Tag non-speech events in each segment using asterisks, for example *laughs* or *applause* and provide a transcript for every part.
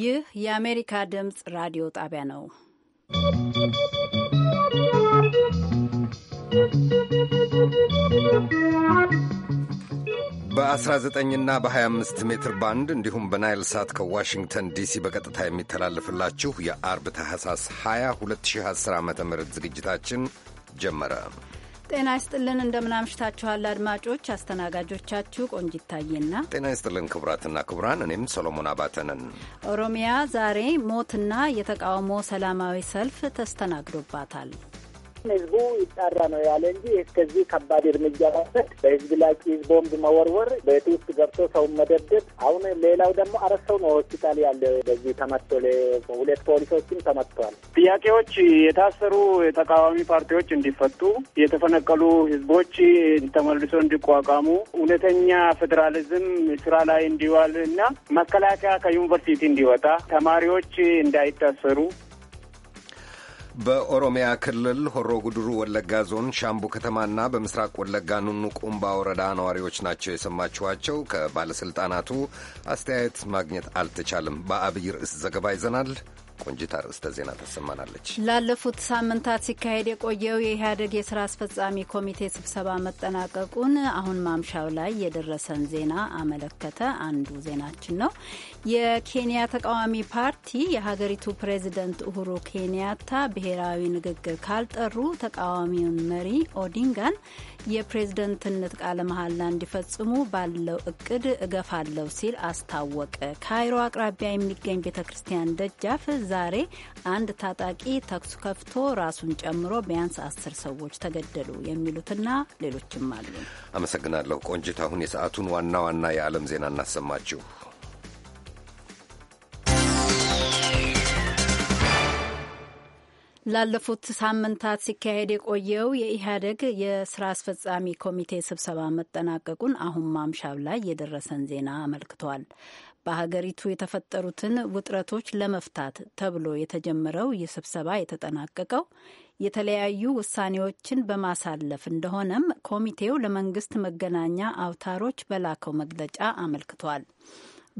ይህ የአሜሪካ ድምፅ ራዲዮ ጣቢያ ነው። በ19ና በ25 ሜትር ባንድ እንዲሁም በናይል ሳት ከዋሽንግተን ዲሲ በቀጥታ የሚተላለፍላችሁ የአርብ ታህሳስ 20 2010 ዓ ም ዝግጅታችን ጀመረ። ጤና ይስጥልን እንደምናምሽታችኋል አድማጮች። አስተናጋጆቻችሁ ቆንጂት ታዬና ጤና ይስጥልን ክቡራትና ክቡራን፣ እኔም ሰሎሞን አባተንን። ኦሮሚያ ዛሬ ሞትና የተቃውሞ ሰላማዊ ሰልፍ ተስተናግዶባታል። ህዝቡ ይጣራ ነው ያለ እንጂ እስከዚህ ከባድ እርምጃ መውሰድ በህዝብ ላይ ጭስ ቦምብ መወርወር፣ ቤት ውስጥ ገብቶ ሰውን መደብደብ። አሁን ሌላው ደግሞ አራት ሰው ነው ሆስፒታል ያለ በዚህ ተመቶ ሁለት ፖሊሶችም ተመትተዋል። ጥያቄዎች የታሰሩ የተቃዋሚ ፓርቲዎች እንዲፈቱ፣ የተፈነቀሉ ህዝቦች ተመልሶ እንዲቋቋሙ፣ እውነተኛ ፌዴራሊዝም ስራ ላይ እንዲዋል እና መከላከያ ከዩኒቨርሲቲ እንዲወጣ፣ ተማሪዎች እንዳይታሰሩ በኦሮሚያ ክልል ሆሮ ጉድሩ ወለጋ ዞን ሻምቡ ከተማና በምስራቅ ወለጋ ኑኑ ቁምባ ወረዳ ነዋሪዎች ናቸው የሰማችኋቸው። ከባለሥልጣናቱ አስተያየት ማግኘት አልተቻለም። በአብይ ርዕስ ዘገባ ይዘናል። ቆንጂት አርዕስተ ዜና ታሰማናለች። ላለፉት ሳምንታት ሲካሄድ የቆየው የኢህአዴግ የስራ አስፈጻሚ ኮሚቴ ስብሰባ መጠናቀቁን አሁን ማምሻው ላይ የደረሰን ዜና አመለከተ። አንዱ ዜናችን ነው። የኬንያ ተቃዋሚ ፓርቲ የሀገሪቱ ፕሬዚደንት ኡሁሩ ኬንያታ ብሔራዊ ንግግር ካልጠሩ ተቃዋሚውን መሪ ኦዲንጋን የፕሬዝደንትነት ቃለ መሐላ እንዲፈጽሙ ባለው እቅድ እገፋለሁ ሲል አስታወቀ። ካይሮ አቅራቢያ የሚገኝ ቤተ ክርስቲያን ደጃፍ ዛሬ አንድ ታጣቂ ተኩስ ከፍቶ ራሱን ጨምሮ ቢያንስ አስር ሰዎች ተገደሉ የሚሉትና ሌሎችም አሉ። አመሰግናለሁ ቆንጅት። አሁን የሰዓቱን ዋና ዋና የዓለም ዜና እናሰማችሁ። ላለፉት ሳምንታት ሲካሄድ የቆየው የኢህአዴግ የስራ አስፈጻሚ ኮሚቴ ስብሰባ መጠናቀቁን አሁን ማምሻው ላይ የደረሰን ዜና አመልክቷል። በሀገሪቱ የተፈጠሩትን ውጥረቶች ለመፍታት ተብሎ የተጀመረው ይህ ስብሰባ የተጠናቀቀው የተለያዩ ውሳኔዎችን በማሳለፍ እንደሆነም ኮሚቴው ለመንግስት መገናኛ አውታሮች በላከው መግለጫ አመልክቷል።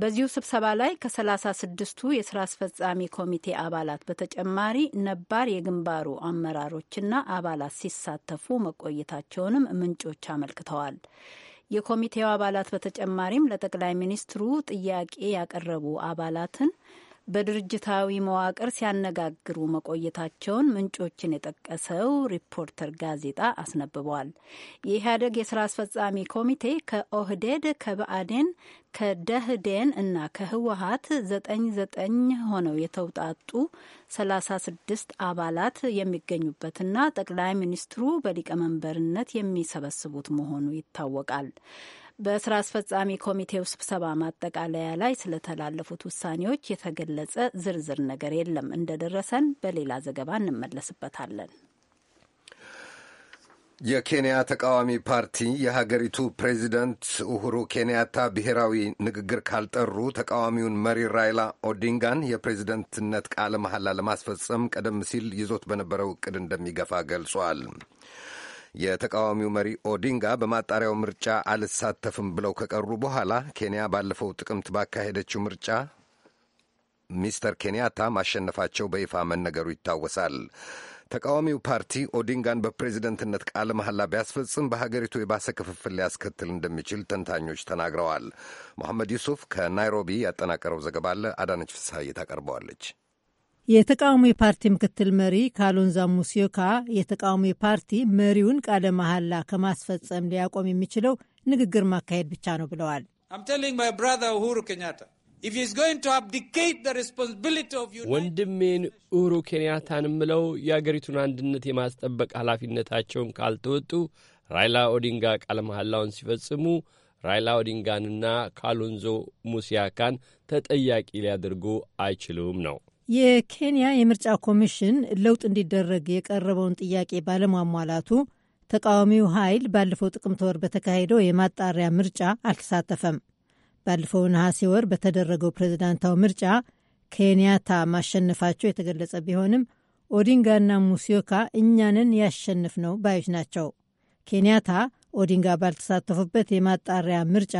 በዚሁ ስብሰባ ላይ ከ 36 ስድስቱ የስራ አስፈጻሚ ኮሚቴ አባላት በተጨማሪ ነባር የግንባሩ አመራሮችና አባላት ሲሳተፉ መቆየታቸውንም ምንጮች አመልክተዋል። የኮሚቴው አባላት በተጨማሪም ለጠቅላይ ሚኒስትሩ ጥያቄ ያቀረቡ አባላትን በድርጅታዊ መዋቅር ሲያነጋግሩ መቆየታቸውን ምንጮችን የጠቀሰው ሪፖርተር ጋዜጣ አስነብበዋል። የኢህአደግ የስራ አስፈጻሚ ኮሚቴ ከኦህዴድ፣ ከብአዴን፣ ከደህዴን እና ከህወሀት ዘጠኝ ዘጠኝ ሆነው የተውጣጡ ሰላሳ ስድስት አባላት የሚገኙበትና ጠቅላይ ሚኒስትሩ በሊቀመንበርነት የሚሰበስቡት መሆኑ ይታወቃል። በስራ አስፈጻሚ ኮሚቴው ስብሰባ ማጠቃለያ ላይ ስለተላለፉት ውሳኔዎች የተገለጸ ዝርዝር ነገር የለም። እንደደረሰን በሌላ ዘገባ እንመለስበታለን። የኬንያ ተቃዋሚ ፓርቲ የሀገሪቱ ፕሬዚደንት ኡሁሩ ኬንያታ ብሔራዊ ንግግር ካልጠሩ ተቃዋሚውን መሪ ራይላ ኦዲንጋን የፕሬዚደንትነት ቃለ መሐላ ለማስፈጸም ቀደም ሲል ይዞት በነበረው እቅድ እንደሚገፋ ገልጿል። የተቃዋሚው መሪ ኦዲንጋ በማጣሪያው ምርጫ አልሳተፍም ብለው ከቀሩ በኋላ ኬንያ ባለፈው ጥቅምት ባካሄደችው ምርጫ ሚስተር ኬንያታ ማሸነፋቸው በይፋ መነገሩ ይታወሳል። ተቃዋሚው ፓርቲ ኦዲንጋን በፕሬዚደንትነት ቃለ መሐላ ቢያስፈጽም በሀገሪቱ የባሰ ክፍፍል ሊያስከትል እንደሚችል ተንታኞች ተናግረዋል። መሐመድ ዩሱፍ ከናይሮቢ ያጠናቀረው ዘገባ አለ። አዳነች ፍስሐዬ ታቀርበዋለች። የተቃዋሚ ፓርቲ ምክትል መሪ ካሎንዛ ሙስዮካ የተቃዋሚ ፓርቲ መሪውን ቃለ መሐላ ከማስፈጸም ሊያቆም የሚችለው ንግግር ማካሄድ ብቻ ነው ብለዋል። ወንድሜን ኡሁሩ ኬንያታን ምለው የአገሪቱን አንድነት የማስጠበቅ ኃላፊነታቸውን ካልተወጡ ራይላ ኦዲንጋ ቃለ መሐላውን ሲፈጽሙ ራይላ ኦዲንጋንና ካሎንዞ ሙሲያካን ተጠያቂ ሊያደርጉ አይችሉም ነው የኬንያ የምርጫ ኮሚሽን ለውጥ እንዲደረግ የቀረበውን ጥያቄ ባለሟሟላቱ ተቃዋሚው ኃይል ባለፈው ጥቅምት ወር በተካሄደው የማጣሪያ ምርጫ አልተሳተፈም። ባለፈው ነሐሴ ወር በተደረገው ፕሬዝዳንታዊ ምርጫ ኬንያታ ማሸነፋቸው የተገለጸ ቢሆንም ኦዲንጋና ሙስዮካ እኛንን ያሸንፍ ነው ባዮች ናቸው። ኬንያታ ኦዲንጋ ባልተሳተፉበት የማጣሪያ ምርጫ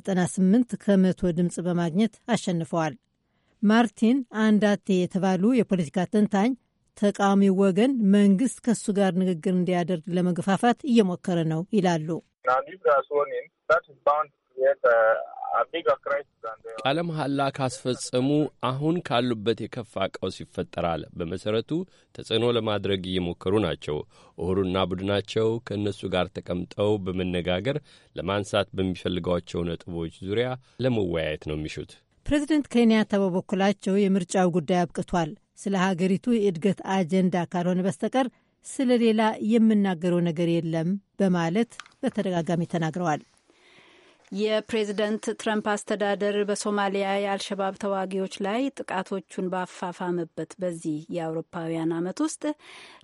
98 ከመቶ ድምፅ በማግኘት አሸንፈዋል። ማርቲን አንዳቴ የተባሉ የፖለቲካ ተንታኝ ተቃዋሚ ወገን መንግስት ከሱ ጋር ንግግር እንዲያደርግ ለመገፋፋት እየሞከረ ነው ይላሉ። ቃለ መሐላ ካስፈጸሙ አሁን ካሉበት የከፋ ቀውስ ይፈጠራል። በመሰረቱ ተጽዕኖ ለማድረግ እየሞከሩ ናቸው። እሁሩና ቡድናቸው ከእነሱ ጋር ተቀምጠው በመነጋገር ለማንሳት በሚፈልጓቸው ነጥቦች ዙሪያ ለመወያየት ነው የሚሹት። ፕሬዚደንት ኬንያታ በበኩላቸው የምርጫው ጉዳይ አብቅቷል፣ ስለ ሀገሪቱ የእድገት አጀንዳ ካልሆነ በስተቀር ስለሌላ የምናገረው ነገር የለም በማለት በተደጋጋሚ ተናግረዋል። የፕሬዝደንት ትረምፕ አስተዳደር በሶማሊያ የአልሸባብ ተዋጊዎች ላይ ጥቃቶቹን ባፋፋመበት በዚህ የአውሮፓውያን ዓመት ውስጥ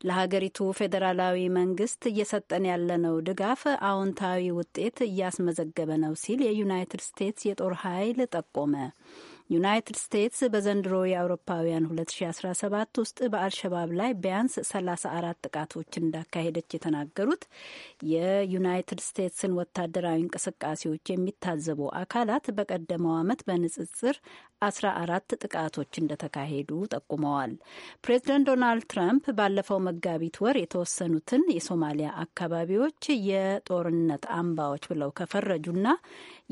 ለሀገሪቱ ፌዴራላዊ መንግስት እየሰጠን ያለነው ድጋፍ አዎንታዊ ውጤት እያስመዘገበ ነው ሲል የዩናይትድ ስቴትስ የጦር ኃይል ጠቆመ። ዩናይትድ ስቴትስ በዘንድሮ የአውሮፓውያን 2017 ውስጥ በአልሸባብ ላይ ቢያንስ 34 ጥቃቶች እንዳካሄደች የተናገሩት የዩናይትድ ስቴትስን ወታደራዊ እንቅስቃሴዎች የሚታዘቡ አካላት በቀደመው ዓመት በንጽጽር 14 ጥቃቶች እንደተካሄዱ ጠቁመዋል። ፕሬዝደንት ዶናልድ ትራምፕ ባለፈው መጋቢት ወር የተወሰኑትን የሶማሊያ አካባቢዎች የጦርነት አምባዎች ብለው ከፈረጁና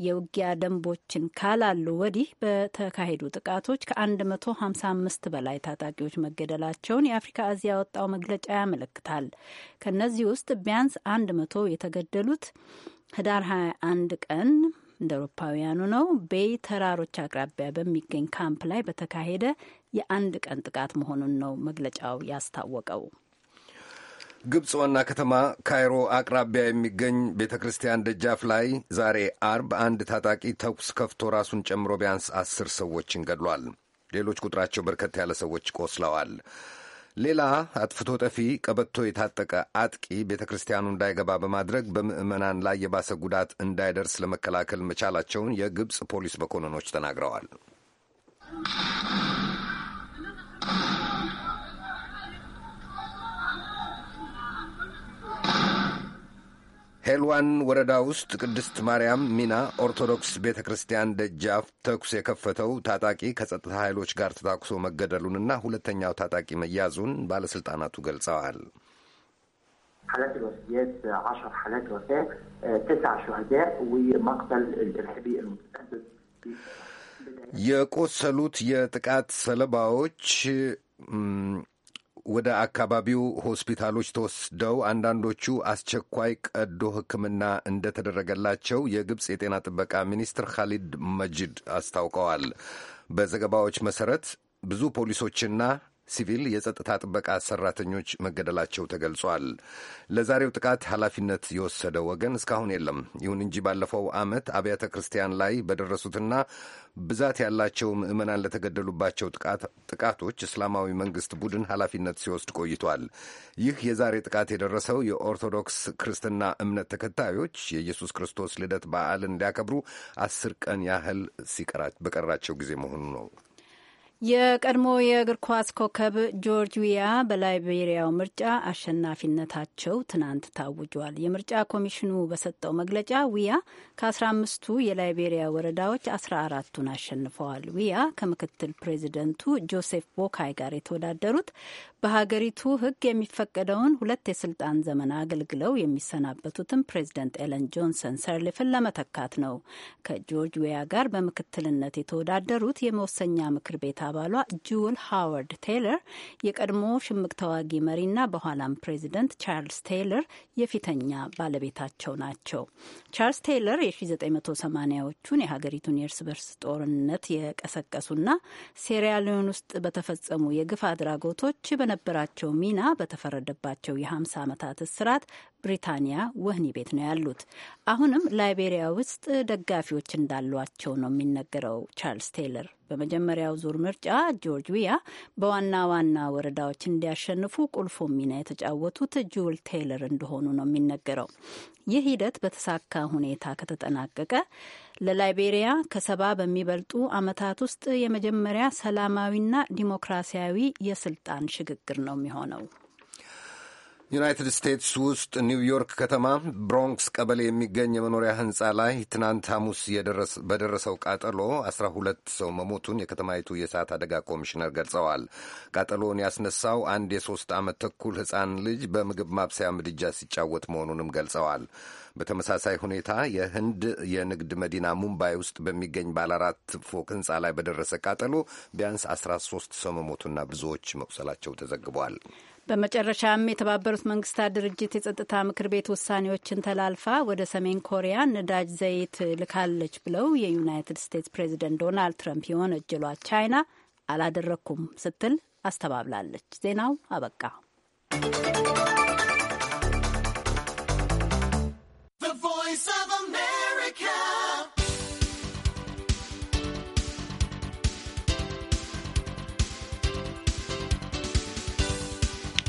የውጊያ ደንቦችን ካላሉ ወዲህ በተካሄዱ ጥቃቶች ከ155 በላይ ታጣቂዎች መገደላቸውን የአፍሪካ እዝ ያወጣው መግለጫ ያመለክታል። ከነዚህ ውስጥ ቢያንስ 100 የተገደሉት ህዳር 21 ቀን እንደ አውሮፓውያኑ ነው ቤይ ተራሮች አቅራቢያ በሚገኝ ካምፕ ላይ በተካሄደ የአንድ ቀን ጥቃት መሆኑን ነው መግለጫው ያስታወቀው። ግብፅ ዋና ከተማ ካይሮ አቅራቢያ የሚገኝ ቤተ ክርስቲያን ደጃፍ ላይ ዛሬ አርብ አንድ ታጣቂ ተኩስ ከፍቶ ራሱን ጨምሮ ቢያንስ አስር ሰዎችን ገድሏል። ሌሎች ቁጥራቸው በርከት ያለ ሰዎች ቆስለዋል። ሌላ አጥፍቶ ጠፊ ቀበቶ የታጠቀ አጥቂ ቤተ ክርስቲያኑ እንዳይገባ በማድረግ በምዕመናን ላይ የባሰ ጉዳት እንዳይደርስ ለመከላከል መቻላቸውን የግብፅ ፖሊስ መኮንኖች ተናግረዋል። ሄልዋን ወረዳ ውስጥ ቅድስት ማርያም ሚና ኦርቶዶክስ ቤተ ክርስቲያን ደጃፍ ተኩስ የከፈተው ታጣቂ ከጸጥታ ኃይሎች ጋር ተታኩሶ መገደሉንና ሁለተኛው ታጣቂ መያዙን ባለሥልጣናቱ ገልጸዋል። የቆሰሉት የጥቃት ሰለባዎች ወደ አካባቢው ሆስፒታሎች ተወስደው አንዳንዶቹ አስቸኳይ ቀዶ ሕክምና እንደተደረገላቸው የግብፅ የጤና ጥበቃ ሚኒስትር ካሊድ መጂድ አስታውቀዋል። በዘገባዎች መሰረት ብዙ ፖሊሶችና ሲቪል የጸጥታ ጥበቃ ሰራተኞች መገደላቸው ተገልጿል። ለዛሬው ጥቃት ኃላፊነት የወሰደ ወገን እስካሁን የለም። ይሁን እንጂ ባለፈው ዓመት አብያተ ክርስቲያን ላይ በደረሱትና ብዛት ያላቸው ምዕመናን ለተገደሉባቸው ጥቃቶች እስላማዊ መንግስት ቡድን ኃላፊነት ሲወስድ ቆይቷል። ይህ የዛሬ ጥቃት የደረሰው የኦርቶዶክስ ክርስትና እምነት ተከታዮች የኢየሱስ ክርስቶስ ልደት በዓልን እንዲያከብሩ አስር ቀን ያህል በቀራቸው ጊዜ መሆኑ ነው። የቀድሞ የእግር ኳስ ኮከብ ጆርጅ ዊያ በላይቤሪያው ምርጫ አሸናፊነታቸው ትናንት ታውጇል። የምርጫ ኮሚሽኑ በሰጠው መግለጫ ዊያ ከ 15 የላይቤሪያ ወረዳዎች 14ቱን አሸንፈዋል። ዊያ ከምክትል ፕሬዚደንቱ ጆሴፍ ቦካይ ጋር የተወዳደሩት በሀገሪቱ ሕግ የሚፈቀደውን ሁለት የስልጣን ዘመን አገልግለው የሚሰናበቱትን ፕሬዚደንት ኤለን ጆንሰን ሰርሊፍን ለመተካት ነው። ከጆርጅ ዌያ ጋር በምክትልነት የተወዳደሩት የመወሰኛ ምክር ቤት አባሏ ጁል ሃዋርድ ቴይለር የቀድሞ ሽምቅ ተዋጊ መሪና በኋላም ፕሬዚደንት ቻርልስ ቴይለር የፊተኛ ባለቤታቸው ናቸው። ቻርልስ ቴይለር የ1980ዎቹን የሀገሪቱን የእርስ በርስ ጦርነት የቀሰቀሱና ሴራሊዮን ውስጥ በተፈጸሙ የግፍ አድራጎቶች ለነበራቸው ሚና በተፈረደባቸው የ50 ዓመታት እስራት ብሪታንያ ወህኒ ቤት ነው ያሉት። አሁንም ላይቤሪያ ውስጥ ደጋፊዎች እንዳሏቸው ነው የሚነገረው። ቻርልስ ቴይለር በመጀመሪያው ዙር ምርጫ ጆርጅ ዊያ በዋና ዋና ወረዳዎች እንዲያሸንፉ ቁልፉ ሚና የተጫወቱት ጁል ቴይለር እንደሆኑ ነው የሚነገረው። ይህ ሂደት በተሳካ ሁኔታ ከተጠናቀቀ ለላይቤሪያ ከሰባ በሚበልጡ ዓመታት ውስጥ የመጀመሪያ ሰላማዊና ዲሞክራሲያዊ የስልጣን ሽግግር ነው የሚሆነው። ዩናይትድ ስቴትስ ውስጥ ኒውዮርክ ከተማ ብሮንክስ ቀበሌ የሚገኝ የመኖሪያ ህንፃ ላይ ትናንት ሐሙስ በደረሰው ቃጠሎ አስራ ሁለት ሰው መሞቱን የከተማይቱ የእሳት አደጋ ኮሚሽነር ገልጸዋል። ቃጠሎውን ያስነሳው አንድ የሶስት ዓመት ተኩል ሕፃን ልጅ በምግብ ማብሰያ ምድጃ ሲጫወት መሆኑንም ገልጸዋል። በተመሳሳይ ሁኔታ የህንድ የንግድ መዲና ሙምባይ ውስጥ በሚገኝ ባለ አራት ፎቅ ህንፃ ላይ በደረሰ ቃጠሎ ቢያንስ 13 ሰው መሞቱና ብዙዎች መቁሰላቸው ተዘግበዋል። በመጨረሻም የተባበሩት መንግስታት ድርጅት የጸጥታ ምክር ቤት ውሳኔዎችን ተላልፋ ወደ ሰሜን ኮሪያ ነዳጅ ዘይት ልካለች ብለው የዩናይትድ ስቴትስ ፕሬዚደንት ዶናልድ ትራምፕ የወነጀሏት ቻይና አላደረግኩም ስትል አስተባብላለች። ዜናው አበቃ።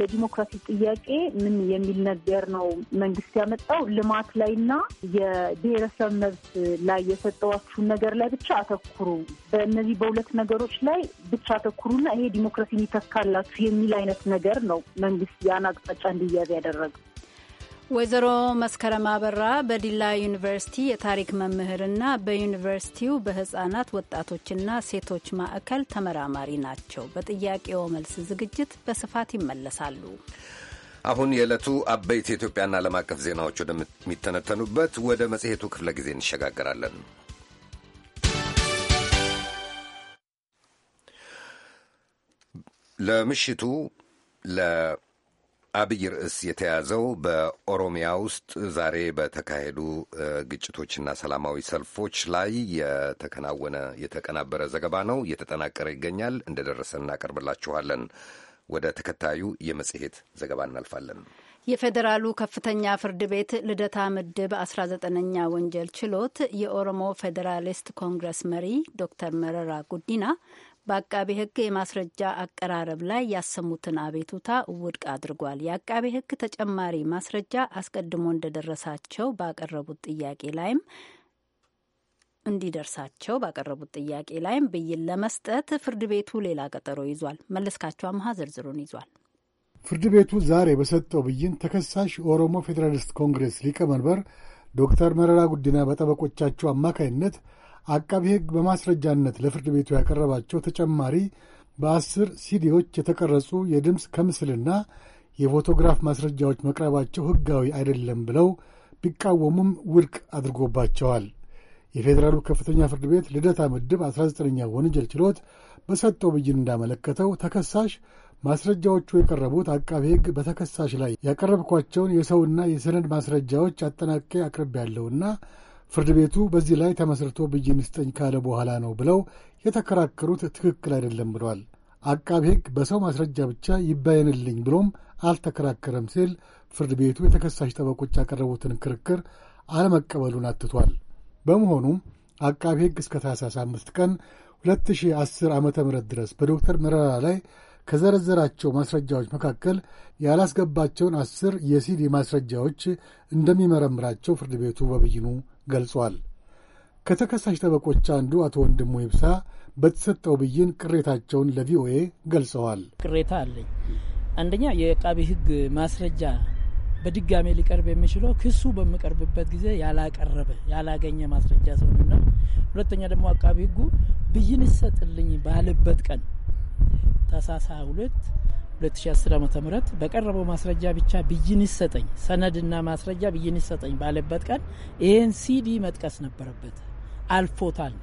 ለዲሞክራሲ ጥያቄ ምን የሚል ነገር ነው መንግስት ያመጣው? ልማት ላይና የብሔረሰብ መብት ላይ የሰጠዋችሁን ነገር ላይ ብቻ አተኩሩ፣ በእነዚህ በሁለት ነገሮች ላይ ብቻ አተኩሩና ይሄ ዲሞክራሲን ይተካላችሁ የሚል አይነት ነገር ነው መንግስት ያን አቅጣጫ እንዲያዝ ያደረገው። ወይዘሮ መስከረም አበራ በዲላ ዩኒቨርሲቲ የታሪክ መምህርና በዩኒቨርሲቲው በህጻናት ወጣቶችና ሴቶች ማዕከል ተመራማሪ ናቸው። በጥያቄው መልስ ዝግጅት በስፋት ይመለሳሉ። አሁን የዕለቱ አበይት የኢትዮጵያና ዓለም አቀፍ ዜናዎች ወደሚተነተኑበት ወደ መጽሔቱ ክፍለ ጊዜ እንሸጋገራለን። ለምሽቱ ለ አብይ ርዕስ የተያዘው በኦሮሚያ ውስጥ ዛሬ በተካሄዱ ግጭቶችና ሰላማዊ ሰልፎች ላይ የተከናወነ የተቀናበረ ዘገባ ነው። እየተጠናቀረ ይገኛል። እንደደረሰ እናቀርብላችኋለን። ወደ ተከታዩ የመጽሔት ዘገባ እናልፋለን። የፌዴራሉ ከፍተኛ ፍርድ ቤት ልደታ ምድብ 19ኛ ወንጀል ችሎት የኦሮሞ ፌዴራሊስት ኮንግረስ መሪ ዶክተር መረራ ጉዲና በአቃቤ ሕግ የማስረጃ አቀራረብ ላይ ያሰሙትን አቤቱታ ውድቅ አድርጓል። የአቃቤ ሕግ ተጨማሪ ማስረጃ አስቀድሞ እንደደረሳቸው ባቀረቡት ጥያቄ ላይም እንዲደርሳቸው ባቀረቡት ጥያቄ ላይም ብይን ለመስጠት ፍርድ ቤቱ ሌላ ቀጠሮ ይዟል። መለስካቸው አምሃ ዝርዝሩን ይዟል። ፍርድ ቤቱ ዛሬ በሰጠው ብይን ተከሳሽ የኦሮሞ ፌዴራሊስት ኮንግሬስ ሊቀመንበር ዶክተር መረራ ጉዲና በጠበቆቻቸው አማካይነት አቃቢ ሕግ በማስረጃነት ለፍርድ ቤቱ ያቀረባቸው ተጨማሪ በአስር ሲዲዎች የተቀረጹ የድምፅ ከምስልና የፎቶግራፍ ማስረጃዎች መቅረባቸው ሕጋዊ አይደለም ብለው ቢቃወሙም ውድቅ አድርጎባቸዋል። የፌዴራሉ ከፍተኛ ፍርድ ቤት ልደታ ምድብ 19ኛ ወንጀል ችሎት በሰጠው ብይን እንዳመለከተው ተከሳሽ ማስረጃዎቹ የቀረቡት አቃቤ ሕግ በተከሳሽ ላይ ያቀረብኳቸውን የሰውና የሰነድ ማስረጃዎች አጠናቅቄ አቅርቤያለሁና ፍርድ ቤቱ በዚህ ላይ ተመስርቶ ብይን ስጠኝ ካለ በኋላ ነው ብለው የተከራከሩት ትክክል አይደለም ብሏል። አቃቢ ሕግ በሰው ማስረጃ ብቻ ይባየንልኝ ብሎም አልተከራከረም ሲል ፍርድ ቤቱ የተከሳሽ ጠበቆች ያቀረቡትን ክርክር አለመቀበሉን አትቷል። በመሆኑም አቃቢ ሕግ እስከ ታህሳስ አምስት ቀን 2010 ዓ ም ድረስ በዶክተር መረራ ላይ ከዘረዘራቸው ማስረጃዎች መካከል ያላስገባቸውን አስር የሲዲ ማስረጃዎች እንደሚመረምራቸው ፍርድ ቤቱ በብይኑ ገልጿል። ከተከሳሽ ጠበቆች አንዱ አቶ ወንድሙ ይብሳ በተሰጠው ብይን ቅሬታቸውን ለቪኦኤ ገልጸዋል። ቅሬታ አለኝ። አንደኛ የአቃቢ ሕግ ማስረጃ በድጋሜ ሊቀርብ የሚችለው ክሱ በሚቀርብበት ጊዜ ያላቀረበ ያላገኘ ማስረጃ ሲሆንና ሁለተኛ ደግሞ አቃቢ ሕጉ ብይን ይሰጥልኝ ባለበት ቀን ታሳሳ ሁለት 2010 ዓ ም በቀረበው ማስረጃ ብቻ ብይን ይሰጠኝ፣ ሰነድና ማስረጃ ብይን ይሰጠኝ ባለበት ቀን ይህን ሲዲ መጥቀስ ነበረበት። አልፎታል።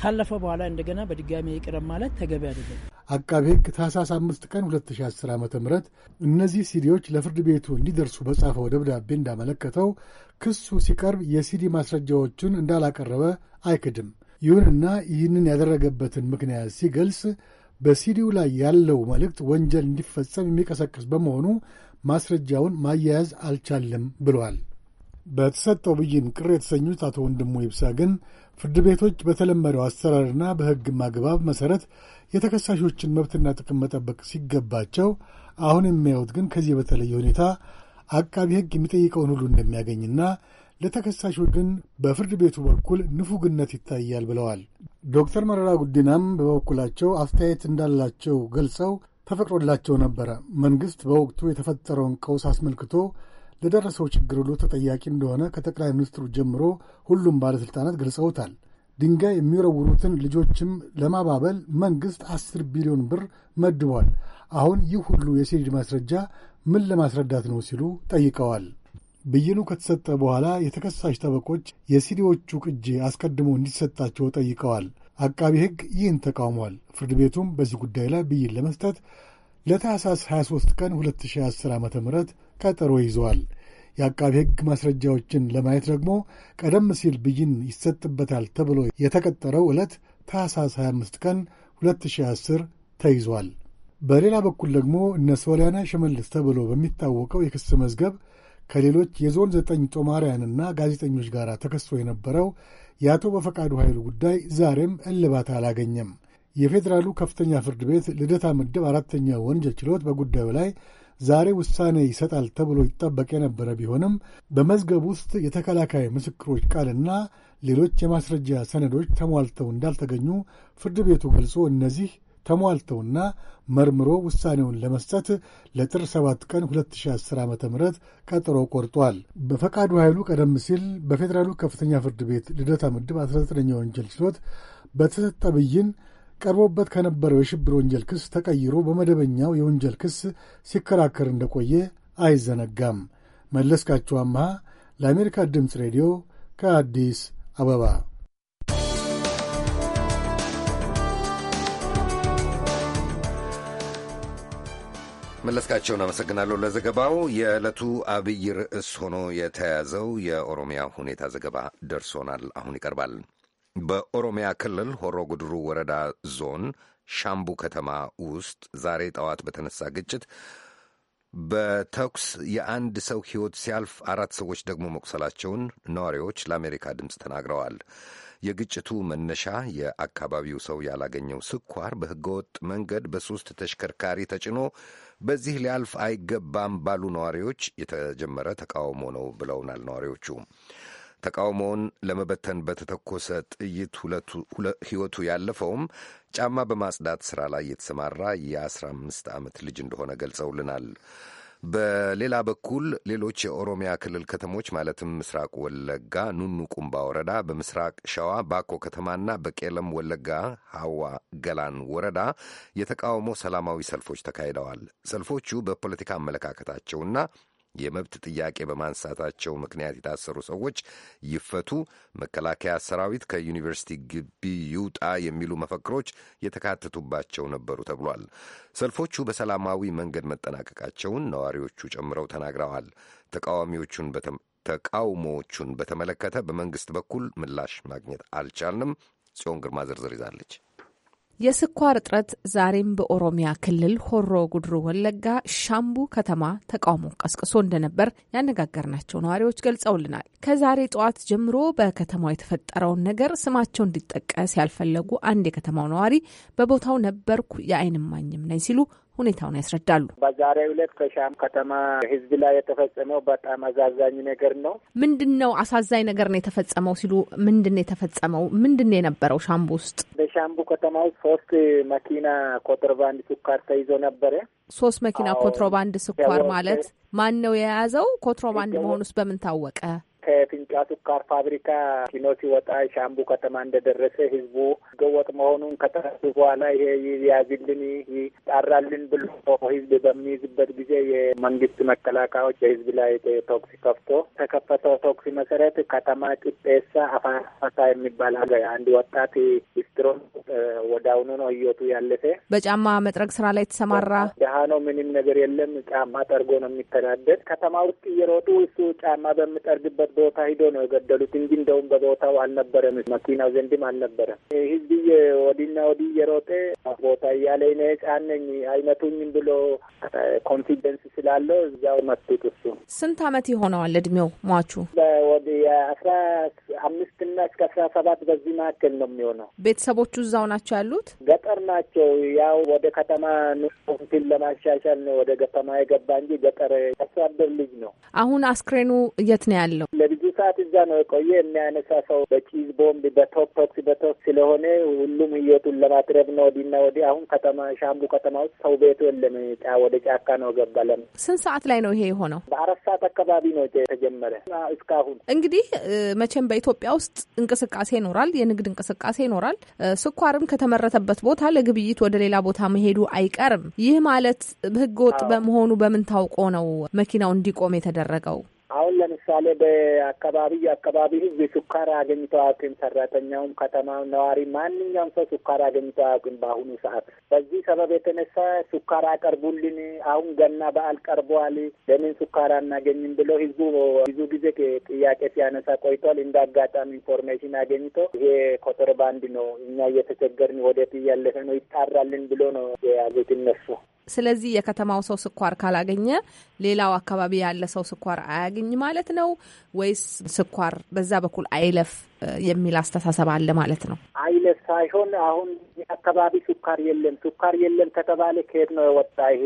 ካለፈ በኋላ እንደገና በድጋሚ ይቅረብ ማለት ተገቢ አይደለም። አቃቢ ሕግ ታህሳስ 5 ቀን 2010 ዓ ም እነዚህ ሲዲዎች ለፍርድ ቤቱ እንዲደርሱ በጻፈው ደብዳቤ እንዳመለከተው ክሱ ሲቀርብ የሲዲ ማስረጃዎቹን እንዳላቀረበ አይክድም። ይሁንና ይህንን ያደረገበትን ምክንያት ሲገልጽ በሲዲው ላይ ያለው መልእክት ወንጀል እንዲፈጸም የሚቀሰቅስ በመሆኑ ማስረጃውን ማያያዝ አልቻለም ብሏል። በተሰጠው ብይን ቅር የተሰኙት አቶ ወንድሙ ይብሳ ግን ፍርድ ቤቶች በተለመደው አሰራርና በሕግ ማግባብ መሠረት የተከሳሾችን መብትና ጥቅም መጠበቅ ሲገባቸው አሁን የሚያዩት ግን ከዚህ በተለየ ሁኔታ አቃቢ ሕግ የሚጠይቀውን ሁሉ እንደሚያገኝና ለተከሳሽ ግን በፍርድ ቤቱ በኩል ንፉግነት ይታያል ብለዋል። ዶክተር መረራ ጉዲናም በበኩላቸው አስተያየት እንዳላቸው ገልጸው ተፈቅዶላቸው ነበረ። መንግሥት በወቅቱ የተፈጠረውን ቀውስ አስመልክቶ ለደረሰው ችግር ሁሉ ተጠያቂ እንደሆነ ከጠቅላይ ሚኒስትሩ ጀምሮ ሁሉም ባለሥልጣናት ገልጸውታል። ድንጋይ የሚወረውሩትን ልጆችም ለማባበል መንግሥት አስር ቢሊዮን ብር መድቧል። አሁን ይህ ሁሉ የሴድ ማስረጃ ምን ለማስረዳት ነው ሲሉ ጠይቀዋል። ብይኑ ከተሰጠ በኋላ የተከሳሽ ጠበቆች የሲዲዎቹ ቅጂ አስቀድሞ እንዲሰጣቸው ጠይቀዋል። አቃቢ ሕግ ይህን ተቃውሟል። ፍርድ ቤቱም በዚህ ጉዳይ ላይ ብይን ለመስጠት ለታህሳስ 23 ቀን 2010 ዓ ም ቀጠሮ ይዘዋል። የአቃቢ ሕግ ማስረጃዎችን ለማየት ደግሞ ቀደም ሲል ብይን ይሰጥበታል ተብሎ የተቀጠረው ዕለት ታህሳስ 25 ቀን 2010 ተይዟል። በሌላ በኩል ደግሞ እነ ሶሊያና ሽመልስ ተብሎ በሚታወቀው የክስ መዝገብ ከሌሎች የዞን ዘጠኝ ጦማርያንና ጋዜጠኞች ጋር ተከሶ የነበረው የአቶ በፈቃዱ ኃይሉ ጉዳይ ዛሬም እልባት አላገኘም። የፌዴራሉ ከፍተኛ ፍርድ ቤት ልደታ ምድብ አራተኛ ወንጀል ችሎት በጉዳዩ ላይ ዛሬ ውሳኔ ይሰጣል ተብሎ ይጠበቅ የነበረ ቢሆንም በመዝገብ ውስጥ የተከላካይ ምስክሮች ቃልና ሌሎች የማስረጃ ሰነዶች ተሟልተው እንዳልተገኙ ፍርድ ቤቱ ገልጾ እነዚህ ተሟልተውና መርምሮ ውሳኔውን ለመስጠት ለጥር 7 ቀን 2010 ዓ ም ቀጠሮ ቆርጧል። በፈቃዱ ኃይሉ ቀደም ሲል በፌዴራሉ ከፍተኛ ፍርድ ቤት ልደታ ምድብ 19ኛ ወንጀል ችሎት በተሰጠ ብይን ቀርቦበት ከነበረው የሽብር ወንጀል ክስ ተቀይሮ በመደበኛው የወንጀል ክስ ሲከራከር እንደቆየ አይዘነጋም። መለስካቸው አምሃ ለአሜሪካ ድምፅ ሬዲዮ ከአዲስ አበባ መለስካቸውን አመሰግናለሁ ለዘገባው። የዕለቱ አብይ ርዕስ ሆኖ የተያዘው የኦሮሚያ ሁኔታ ዘገባ ደርሶናል። አሁን ይቀርባል። በኦሮሚያ ክልል ሆሮ ጉድሩ ወረዳ ዞን ሻምቡ ከተማ ውስጥ ዛሬ ጠዋት በተነሳ ግጭት በተኩስ የአንድ ሰው ሕይወት ሲያልፍ አራት ሰዎች ደግሞ መቁሰላቸውን ነዋሪዎች ለአሜሪካ ድምፅ ተናግረዋል። የግጭቱ መነሻ የአካባቢው ሰው ያላገኘው ስኳር በሕገወጥ መንገድ በሦስት ተሽከርካሪ ተጭኖ በዚህ ሊያልፍ አይገባም ባሉ ነዋሪዎች የተጀመረ ተቃውሞ ነው ብለውናል ነዋሪዎቹ። ተቃውሞውን ለመበተን በተተኮሰ ጥይት ሕይወቱ ያለፈውም ጫማ በማጽዳት ሥራ ላይ የተሰማራ የ15 ዓመት ልጅ እንደሆነ ገልጸውልናል። በሌላ በኩል ሌሎች የኦሮሚያ ክልል ከተሞች ማለትም ምስራቅ ወለጋ ኑኑ ቁምባ ወረዳ፣ በምስራቅ ሸዋ ባኮ ከተማና በቄለም ወለጋ ሀዋ ገላን ወረዳ የተቃውሞ ሰላማዊ ሰልፎች ተካሂደዋል። ሰልፎቹ በፖለቲካ አመለካከታቸውና የመብት ጥያቄ በማንሳታቸው ምክንያት የታሰሩ ሰዎች ይፈቱ፣ መከላከያ ሰራዊት ከዩኒቨርሲቲ ግቢ ይውጣ የሚሉ መፈክሮች የተካተቱባቸው ነበሩ ተብሏል። ሰልፎቹ በሰላማዊ መንገድ መጠናቀቃቸውን ነዋሪዎቹ ጨምረው ተናግረዋል። ተቃዋሚዎቹን ተቃውሞዎቹን በተመለከተ በመንግስት በኩል ምላሽ ማግኘት አልቻልንም። ጽዮን ግርማ ዝርዝር ይዛለች። የስኳር እጥረት ዛሬም በኦሮሚያ ክልል ሆሮ ጉድሩ ወለጋ ሻምቡ ከተማ ተቃውሞ ቀስቅሶ እንደነበር ያነጋገርናቸው ነዋሪዎች ገልጸውልናል። ከዛሬ ጠዋት ጀምሮ በከተማው የተፈጠረውን ነገር ስማቸው እንዲጠቀስ ያልፈለጉ አንድ የከተማው ነዋሪ በቦታው ነበርኩ፣ የአይን እማኝም ነኝ ሲሉ ሁኔታውን ያስረዳሉ። በዛሬው ዕለት ከሻም ከተማ ህዝብ ላይ የተፈጸመው በጣም አሳዛኝ ነገር ነው። ምንድን ነው አሳዛኝ ነገር ነው የተፈጸመው ሲሉ ምንድን ነው የተፈጸመው? ምንድን ነው የነበረው? ሻምቡ ውስጥ በሻምቡ ከተማ ውስጥ ሶስት መኪና ኮንትሮባንድ ስኳር ተይዞ ነበረ። ሶስት መኪና ኮንትሮባንድ ስኳር ማለት ማን ነው የያዘው? ኮንትሮባንድ መሆኑስ በምን ታወቀ? ከፊንጫ ሱካር ፋብሪካ ኪኖ ሲወጣ ሻምቡ ከተማ እንደደረሰ ህዝቡ ገወጥ መሆኑን ከጠረሱ በኋላ ይሄ ያዝልን ይጣራልን ብሎ ህዝብ በሚይዝበት ጊዜ የመንግስት መከላከያዎች በህዝብ ላይ ቶክሲ ከፍቶ ተከፈተው ቶክሲ መሰረት ከተማ ጭጤሳ አፋፋሳ የሚባል አንድ ወጣት ስትሮን ወዳውኑ ነው ህይወቱ ያለፈ። በጫማ መጥረግ ስራ ላይ ተሰማራ ድሀ ነው፣ ምንም ነገር የለም። ጫማ ጠርጎ ነው የሚተዳደር። ከተማ ውስጥ እየሮጡ እሱ ጫማ በምጠርግበት ቦታ ሂዶ ነው የገደሉት እንጂ እንደውም በቦታው አልነበረም፣ መኪናው ዘንድም አልነበረም። ህዝብ ወዲና ወዲ እየሮጠ ቦታ እያለ እኔ ጫነኝ አይመቱኝም ብሎ ኮንፊደንስ ስላለው እዚያው መቱት። እሱ ስንት አመት ይሆነዋል እድሜው ሟቹ? ወደ አስራ አምስት እስከ አስራ ሰባት በዚህ መካከል ነው የሚሆነው። ቤተሰቦቹ እዛው ናቸው ያሉት? ገጠር ናቸው። ያው ወደ ከተማ ንፊል ለማሻሻል ነው ወደ ከተማ የገባ እንጂ ገጠር ያሳደር ልጅ ነው። አሁን አስክሬኑ የት ነው ያለው? ለብዙ ሰዓት እዛ ነው የቆየ። የሚያነሳ ሰው በቺዝ ቦምብ፣ በቶክቶክስ በቶክስ ስለሆነ ሁሉም ህይወቱን ለማትረፍ ነው ወዲና ወዲ። አሁን ከተማ ሻምቡ ከተማ ውስጥ ሰው ቤቱ የለም፣ ወደ ጫካ ነው ገባለን። ስንት ሰዓት ላይ ነው ይሄ የሆነው? በአራት ሰዓት አካባቢ ነው የተጀመረ እስካሁን። እንግዲህ መቼም በኢትዮጵያ ውስጥ እንቅስቃሴ ይኖራል፣ የንግድ እንቅስቃሴ ይኖራል። ስኳርም ከተመረተበት ቦታ ለግብይት ወደ ሌላ ቦታ መሄዱ አይቀርም። ይህ ማለት ህገ ወጥ በመሆኑ በምን ታውቆ ነው መኪናው እንዲቆም የተደረገው? ለምሳሌ በአካባቢ አካባቢ ህዝብ ሱካር አገኝቶ አያውቅም። ሰራተኛውም፣ ከተማ ነዋሪ፣ ማንኛውም ሰው ሱካር አገኝቶ አያውቅም በአሁኑ ሰዓት። በዚህ ሰበብ የተነሳ ሱካር አቀርቡልን፣ አሁን ገና በዓል ቀርበዋል፣ ለምን ሱካር አናገኝም ብሎ ህዝቡ ብዙ ጊዜ ጥያቄ ሲያነሳ ቆይቷል። እንደ አጋጣሚ ኢንፎርሜሽን አገኝቶ ይሄ ኮንትሮባንድ ነው፣ እኛ እየተቸገርን ወደት እያለፈ ነው፣ ይጣራልን ብሎ ነው የያዙት እነሱ። ስለዚህ የከተማው ሰው ስኳር ካላገኘ ሌላው አካባቢ ያለ ሰው ስኳር አያገኝ ማለት ነው ወይስ ስኳር በዛ በኩል አይለፍ የሚል አስተሳሰብ አለ ማለት ነው? አይለፍ ሳይሆን አሁን አካባቢ ስኳር የለም ስኳር የለም ከተባለ ከየት ነው የወጣ ይሄ?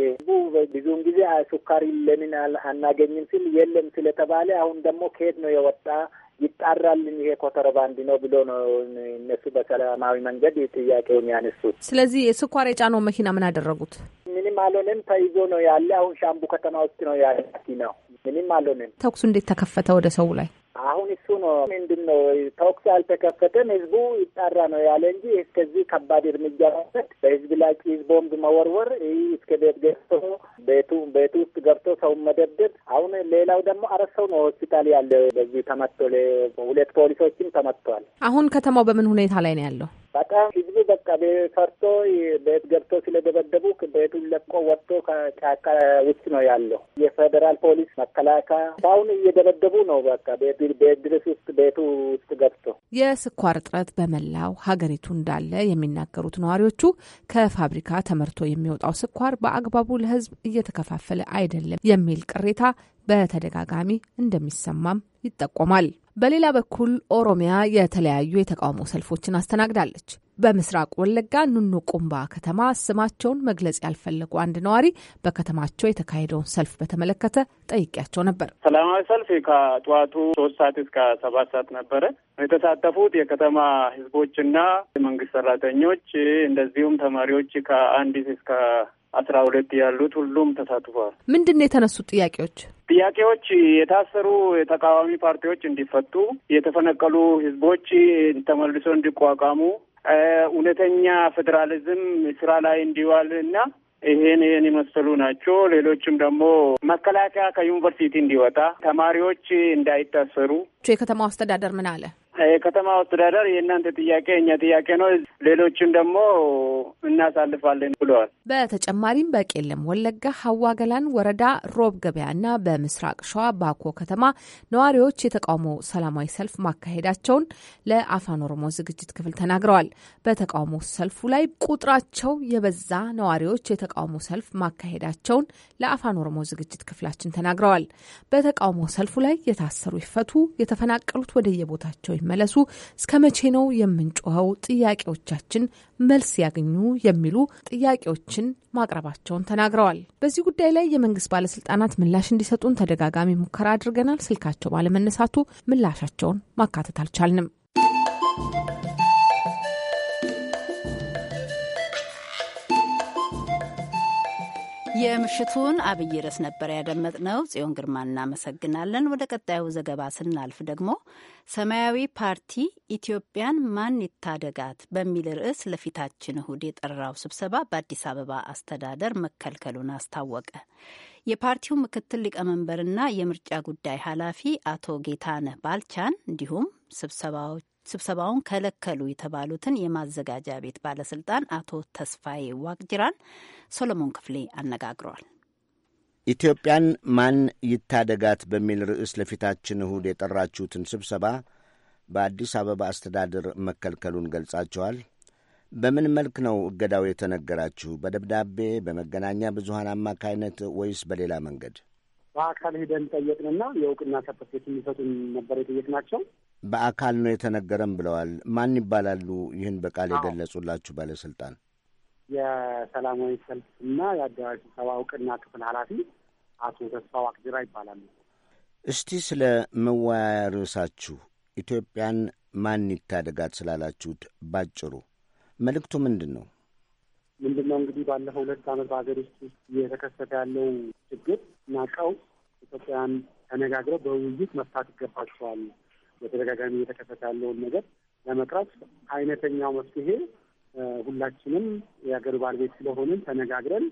ብዙውን ጊዜ ስኳር ለምን አናገኝም ሲል የለም ስለተባለ አሁን ደግሞ ከየት ነው የወጣ ይጣራልን ይሄ ኮንትሮባንድ ነው ብሎ ነው እነሱ በሰላማዊ መንገድ ጥያቄውን ያነሱት። ስለዚህ የስኳር የጫነው መኪና ምን አደረጉት? ምንም አልሆነም። ተይዞ ነው ያለ። አሁን ሻምቡ ከተማ ውስጥ ነው ያለ ነው። ምንም አልሆነም። ተኩሱ እንዴት ተከፈተ ወደ ሰው ላይ? አሁን እሱ ነው ምንድን ነው ተኩስ አልተከፈተም፣ ህዝቡ ይጣራ ነው ያለ እንጂ እስከዚህ ከባድ እርምጃ መውሰድ በህዝብ ላይ ጭስ ቦምብ መወርወር፣ እስከ ቤት ገብቶ ቤቱ ቤቱ ውስጥ ገብቶ ሰው መደብደብ። አሁን ሌላው ደግሞ አረት ሰው ነው ሆስፒታል ያለ በዚህ ተመቶ፣ ሁለት ፖሊሶችም ተመትተዋል። አሁን ከተማው በምን ሁኔታ ላይ ነው ያለው? በጣም ህዝቡ በቃ ፈርቶ ቤት ገብቶ ስለደበደቡ ቤቱን ለቆ ወጥቶ ከጫካ ውስጥ ነው ያለው። የፌዴራል ፖሊስ መከላከያ አሁን እየደበደቡ ነው በቃ ቤት ቤት ድረስ ውስጥ ቤቱ ውስጥ ገብቶ የስኳር እጥረት በመላው ሀገሪቱ እንዳለ የሚናገሩት ነዋሪዎቹ ከፋብሪካ ተመርቶ የሚወጣው ስኳር በአግባቡ ለሕዝብ እየተከፋፈለ አይደለም የሚል ቅሬታ በተደጋጋሚ እንደሚሰማም ይጠቆማል። በሌላ በኩል ኦሮሚያ የተለያዩ የተቃውሞ ሰልፎችን አስተናግዳለች። በምስራቅ ወለጋ ኑኖ ቁምባ ከተማ ስማቸውን መግለጽ ያልፈለጉ አንድ ነዋሪ በከተማቸው የተካሄደውን ሰልፍ በተመለከተ ጠይቂያቸው ነበር። ሰላማዊ ሰልፍ ከጠዋቱ ሶስት ሰዓት እስከ ሰባት ሰዓት ነበረ። የተሳተፉት የከተማ ህዝቦችና መንግስት ሰራተኞች እንደዚሁም ተማሪዎች ከአንዲት እስከ አስራ ሁለት ያሉት ሁሉም ተሳትፏል። ምንድን ነው የተነሱት ጥያቄዎች? ጥያቄዎች የታሰሩ የተቃዋሚ ፓርቲዎች እንዲፈቱ፣ የተፈነቀሉ ህዝቦች ተመልሶ እንዲቋቋሙ፣ እውነተኛ ፌዴራሊዝም ስራ ላይ እንዲዋል እና ይሄን ይሄን የመሰሉ ናቸው። ሌሎችም ደግሞ መከላከያ ከዩኒቨርሲቲ እንዲወጣ፣ ተማሪዎች እንዳይታሰሩ። የከተማው አስተዳደር ምን አለ? የከተማ አስተዳደር የእናንተ ጥያቄ የእኛ ጥያቄ ነው፣ ሌሎችን ደግሞ እናሳልፋለን ብለዋል። በተጨማሪም በቄለም ወለጋ ሀዋ ገላን ወረዳ ሮብ ገበያና በምስራቅ ሸዋ ባኮ ከተማ ነዋሪዎች የተቃውሞ ሰላማዊ ሰልፍ ማካሄዳቸውን ለአፋን ኦሮሞ ዝግጅት ክፍል ተናግረዋል። በተቃውሞ ሰልፉ ላይ ቁጥራቸው የበዛ ነዋሪዎች የተቃውሞ ሰልፍ ማካሄዳቸውን ለአፋን ኦሮሞ ዝግጅት ክፍላችን ተናግረዋል። በተቃውሞ ሰልፉ ላይ የታሰሩ ይፈቱ፣ የተፈናቀሉት ወደየቦታቸው አለመመለሱ እስከ መቼ ነው የምንጮኸው? ጥያቄዎቻችን መልስ ያገኙ የሚሉ ጥያቄዎችን ማቅረባቸውን ተናግረዋል። በዚህ ጉዳይ ላይ የመንግስት ባለስልጣናት ምላሽ እንዲሰጡን ተደጋጋሚ ሙከራ አድርገናል። ስልካቸው ባለመነሳቱ ምላሻቸውን ማካተት አልቻልንም። የምሽቱን አብይ ርዕስ ነበር ያደመጥነው። ጽዮን ግርማ እናመሰግናለን። ወደ ቀጣዩ ዘገባ ስናልፍ ደግሞ ሰማያዊ ፓርቲ ኢትዮጵያን ማን ይታደጋት በሚል ርዕስ ለፊታችን እሁድ የጠራው ስብሰባ በአዲስ አበባ አስተዳደር መከልከሉን አስታወቀ። የፓርቲው ምክትል ሊቀመንበርና የምርጫ ጉዳይ ኃላፊ አቶ ጌታነህ ባልቻን እንዲሁም ስብሰባዎች ስብሰባውን ከለከሉ የተባሉትን የማዘጋጃ ቤት ባለስልጣን አቶ ተስፋዬ ዋቅጅራን ሶሎሞን ክፍሌ አነጋግሯል። ኢትዮጵያን ማን ይታደጋት በሚል ርዕስ ለፊታችን እሁድ የጠራችሁትን ስብሰባ በአዲስ አበባ አስተዳደር መከልከሉን ገልጻችኋል። በምን መልክ ነው እገዳው የተነገራችሁ? በደብዳቤ በመገናኛ ብዙሀን አማካይነት ወይስ በሌላ መንገድ? በአካል ሄደን ጠየቅንና የእውቅና ሰርተፍኬት የሚሰጡን ነበር የጠየቅናቸው። በአካል ነው የተነገረም ብለዋል። ማን ይባላሉ? ይህን በቃል የገለጹላችሁ ባለስልጣን? የሰላማዊ ሰልፍ እና የአደራጅ ስብሰባ እውቅና ክፍል ኃላፊ አቶ ተስፋ አቅጅራ ይባላሉ። እስቲ ስለ መወያያ ርዕሳችሁ ኢትዮጵያን ማን ይታደጋት ስላላችሁት ባጭሩ መልእክቱ ምንድን ነው? ምንድን ነው እንግዲህ ባለፈው ሁለት ዓመት በሀገር ውስጥ እየተከሰተ ያለው ችግር እና ቀውስ ኢትዮጵያን ተነጋግረው በውይይት መፍታት ይገባቸዋል። በተደጋጋሚ እየተከሰተ ያለውን ነገር ለመቅረፍ አይነተኛው መፍትሄ ሁላችንም የሀገር ባለቤት ስለሆንን ተነጋግረን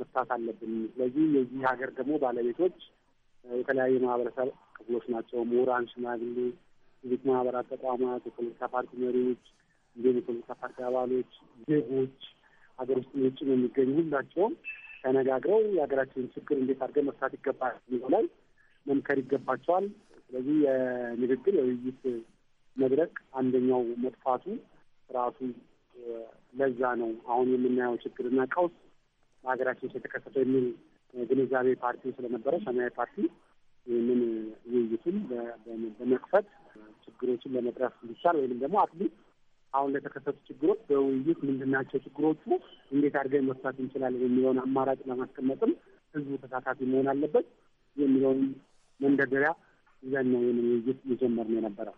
መፍታት አለብን። ስለዚህ የዚህ ሀገር ደግሞ ባለቤቶች የተለያዩ ማህበረሰብ ክፍሎች ናቸው። ምሁራን፣ ሽማግሌ፣ ሲቪክ ማህበራት፣ ተቋማት፣ የፖለቲካ ፓርቲ መሪዎች እንዲሁም የፖለቲካ ፓርቲ አባሎች፣ ዜጎች፣ ሀገር ውስጥ ውጭ የሚገኙ ሁላቸውም ተነጋግረው የሀገራችንን ችግር እንዴት አድርገን መፍታት ይገባል የሚለው ላይ መምከር ይገባቸዋል። ስለዚህ የንግግር የውይይት መድረክ አንደኛው መጥፋቱ ራሱ ለዛ ነው አሁን የምናየው ችግርና ቀውስ በሀገራችን ውስጥ የተከሰተው የሚል ግንዛቤ ፓርቲ ስለነበረ ሰማያዊ ፓርቲ ይህንን ውይይቱን በመክፈት ችግሮችን ለመቅረፍ እንዲቻል ወይም ደግሞ አትሊት አሁን ለተከሰቱ ችግሮች በውይይት ምንድናቸው ችግሮቹ፣ እንዴት አድርገን መፍታት እንችላለን የሚለውን አማራጭ ለማስቀመጥም ህዝቡ ተሳታፊ መሆን አለበት የሚለውን መንደርደሪያ አብዛኛው ውይይት የጀመር ነው የነበረው።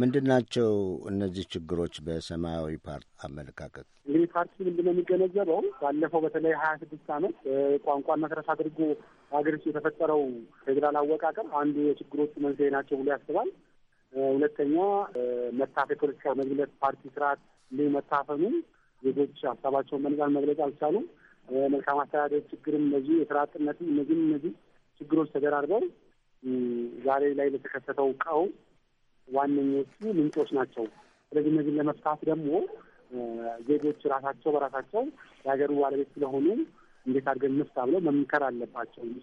ምንድን ናቸው እነዚህ ችግሮች በሰማያዊ ፓርቲ አመለካከት? እንግዲህ ፓርቲ ምንድን ነው የሚገነዘበው ባለፈው በተለይ ሀያ ስድስት አመት ቋንቋን መሰረት አድርጎ ሀገር ውስጥ የተፈጠረው ፌዴራል አወቃቀር አንዱ የችግሮቹ መንስኤ ናቸው ብሎ ያስባል። ሁለተኛ መታፈ የፖለቲካ መግለጽ ፓርቲ ስርዓት እንዲሁ መታፈኑ ዜጎች ሀሳባቸውን በነጻ መግለጽ አልቻሉም። መልካም አስተዳደር ችግርም እነዚህ የስራ አጥነትም እነዚህም እነዚህ ችግሮች ተደራርበው ዛሬ ላይ ለተከሰተው ቀውስ ዋነኞቹ ምንጮች ናቸው። ስለዚህ እነዚህን ለመፍታት ደግሞ ዜጎች ራሳቸው በራሳቸው የሀገሩ ባለቤት ስለሆኑ እንዴት አድርገን እንፍታ ብለው መምከር አለባቸው እንጂ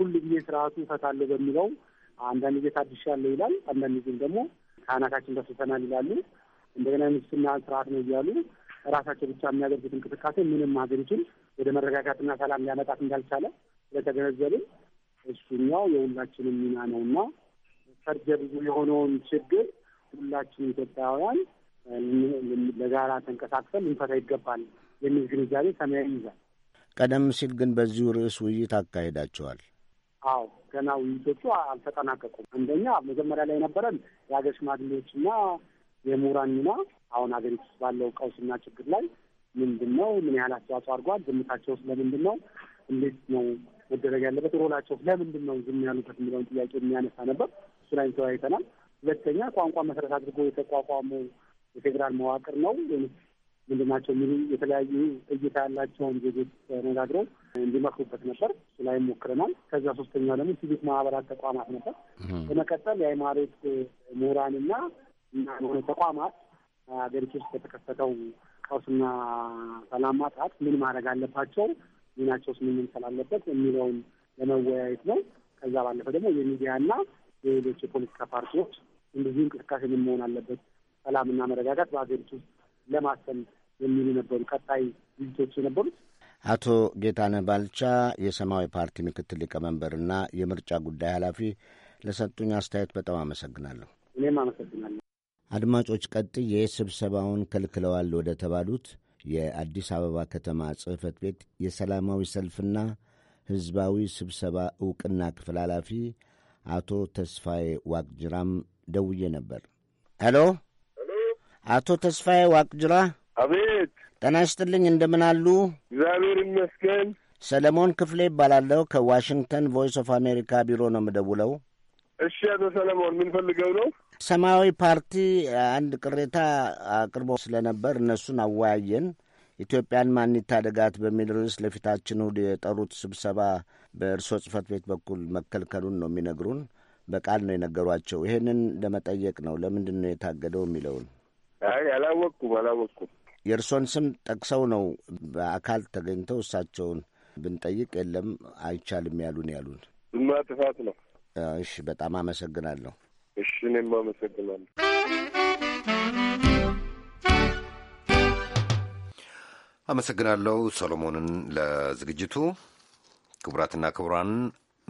ሁሉ ጊዜ ስርዓቱ እፈታለሁ በሚለው አንዳንድ ጊዜ ታድሻለሁ ይላል፣ አንዳንድ ጊዜም ደግሞ ካህናታችን ተፍተናል ይላሉ። እንደገና የሙስና ስርዓት ነው እያሉ ራሳቸው ብቻ የሚያደርጉት እንቅስቃሴ ምንም ሀገሪቱን ወደ መረጋጋትና ሰላም ሊያመጣት እንዳልቻለ ስለተገነዘብን እሱኛው የሁላችንም ሚና ነው እና ፈርጀ ብዙ የሆነውን ችግር ሁላችን ኢትዮጵያውያን ለጋራ ተንቀሳቅሰን ልንፈታ ይገባል የሚል ግንዛቤ ሰማያዊ ይዛል። ቀደም ሲል ግን በዚሁ ርዕስ ውይይት አካሂዳቸዋል። አዎ ገና ውይይቶቹ አልተጠናቀቁም። አንደኛ መጀመሪያ ላይ የነበረን የሀገር ሽማግሌዎችና የምሁራን ሚና አሁን ሀገሪቱ ውስጥ ባለው ቀውስና ችግር ላይ ምንድን ነው? ምን ያህል አስተዋጽኦ አድርጓል? ዝምታቸው ውስጥ ለምንድን ነው? እንዴት ነው መደረግ ያለበት ሮላቸው ለምንድን ነው ዝም ያሉበት የሚለውን ጥያቄ የሚያነሳ ነበር። እሱ ላይ ተወያይተናል። ሁለተኛ ቋንቋ መሰረት አድርጎ የተቋቋመው የፌዴራል መዋቅር ነው ምንድን ናቸው የሚሉ የተለያዩ እይታ ያላቸውን ዜጎች ተነጋግረው እንዲመክሩበት ነበር። እሱ ላይ ሞክረናል። ከዛ ሶስተኛው ደግሞ ሲቪክ ማህበራት ተቋማት ነበር። በመቀጠል የሃይማኖት ምሁራንና ተቋማት ሀገሪቱ ውስጥ በተከሰተው ቀውስና ሰላም ማጣት ምን ማድረግ አለባቸው ሚናቸውስ ምን መምሰል አለበት የሚለውን ለመወያየት ነው። ከዛ ባለፈ ደግሞ የሚዲያና የሌሎች የፖለቲካ ፓርቲዎች እንደዚህ እንቅስቃሴ ምን መሆን አለበት፣ ሰላምና መረጋጋት በሀገሪቱ ውስጥ ለማሰል የሚሉ ነበሩ ቀጣይ ዝግጅቶች የነበሩት። አቶ ጌታነህ ባልቻ የሰማያዊ ፓርቲ ምክትል ሊቀመንበርና የምርጫ ጉዳይ ኃላፊ ለሰጡኝ አስተያየት በጣም አመሰግናለሁ። እኔም አመሰግናለሁ። አድማጮች፣ ቀጥዬ ስብሰባውን ከልክለዋል ወደ ተባሉት የአዲስ አበባ ከተማ ጽሕፈት ቤት የሰላማዊ ሰልፍና ሕዝባዊ ስብሰባ ዕውቅና ክፍል ኃላፊ አቶ ተስፋዬ ዋቅጅራም ደውዬ ነበር። ሄሎ፣ አቶ ተስፋዬ ዋቅጅራ። አቤት። ጤና ይስጥልኝ። እንደምን አሉ? እግዚአብሔር ይመስገን። ሰለሞን ክፍሌ ይባላለሁ። ከዋሽንግተን ቮይስ ኦፍ አሜሪካ ቢሮ ነው የምደውለው። እሺ፣ አቶ ሰለሞን ምን ፈልገው ነው? ሰማያዊ ፓርቲ አንድ ቅሬታ አቅርቦ ስለነበር እነሱን አወያየን። ኢትዮጵያን ማን ይታደጋት በሚል ርዕስ ለፊታችን እሁድ የጠሩት ስብሰባ በእርሶ ጽህፈት ቤት በኩል መከልከሉን ነው የሚነግሩን። በቃል ነው የነገሯቸው። ይሄንን ለመጠየቅ ነው ለምንድን ነው የታገደው የሚለውን። አይ አላወቅኩም፣ አላወቅኩም። የእርሶን ስም ጠቅሰው ነው በአካል ተገኝተው እሳቸውን ብንጠይቅ የለም አይቻልም ያሉን ያሉን። ጥፋት ነው። እሺ፣ በጣም አመሰግናለሁ። እሺ፣ እኔም አመሰግናለሁ። አመሰግናለሁ ሰሎሞንን ለዝግጅቱ። ክቡራትና ክቡራን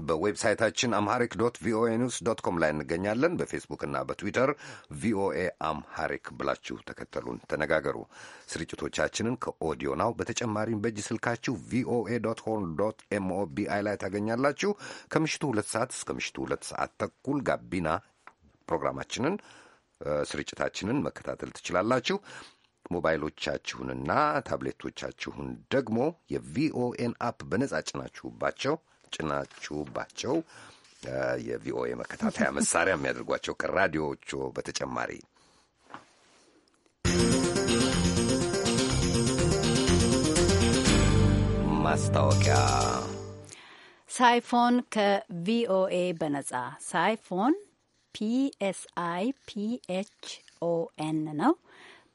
በዌብሳይታችን አምሃሪክ ዶት ቪኦኤ ኒውስ ዶት ኮም ላይ እንገኛለን። በፌስቡክና በትዊተር ቪኦኤ አምሃሪክ ብላችሁ ተከተሉን፣ ተነጋገሩ። ስርጭቶቻችንን ከኦዲዮ ናው በተጨማሪም በእጅ ስልካችሁ ቪኦኤ ዶት ሆን ዶት ኤምኦቢአይ ላይ ታገኛላችሁ። ከምሽቱ ሁለት ሰዓት እስከ ምሽቱ ሁለት ሰዓት ተኩል ጋቢና ፕሮግራማችንን ስርጭታችንን መከታተል ትችላላችሁ። ሞባይሎቻችሁንና ታብሌቶቻችሁን ደግሞ የቪኦኤን አፕ በነጻ ጭናችሁባቸው ጭናችሁባቸው የቪኦኤ መከታተያ *laughs* መሳሪያ የሚያደርጓቸው ከራዲዮዎቹ በተጨማሪ ማስታወቂያ ሳይፎን ከቪኦኤ በነጻ ሳይፎን ፒኤስአይ ፒኤችኦኤን ነው።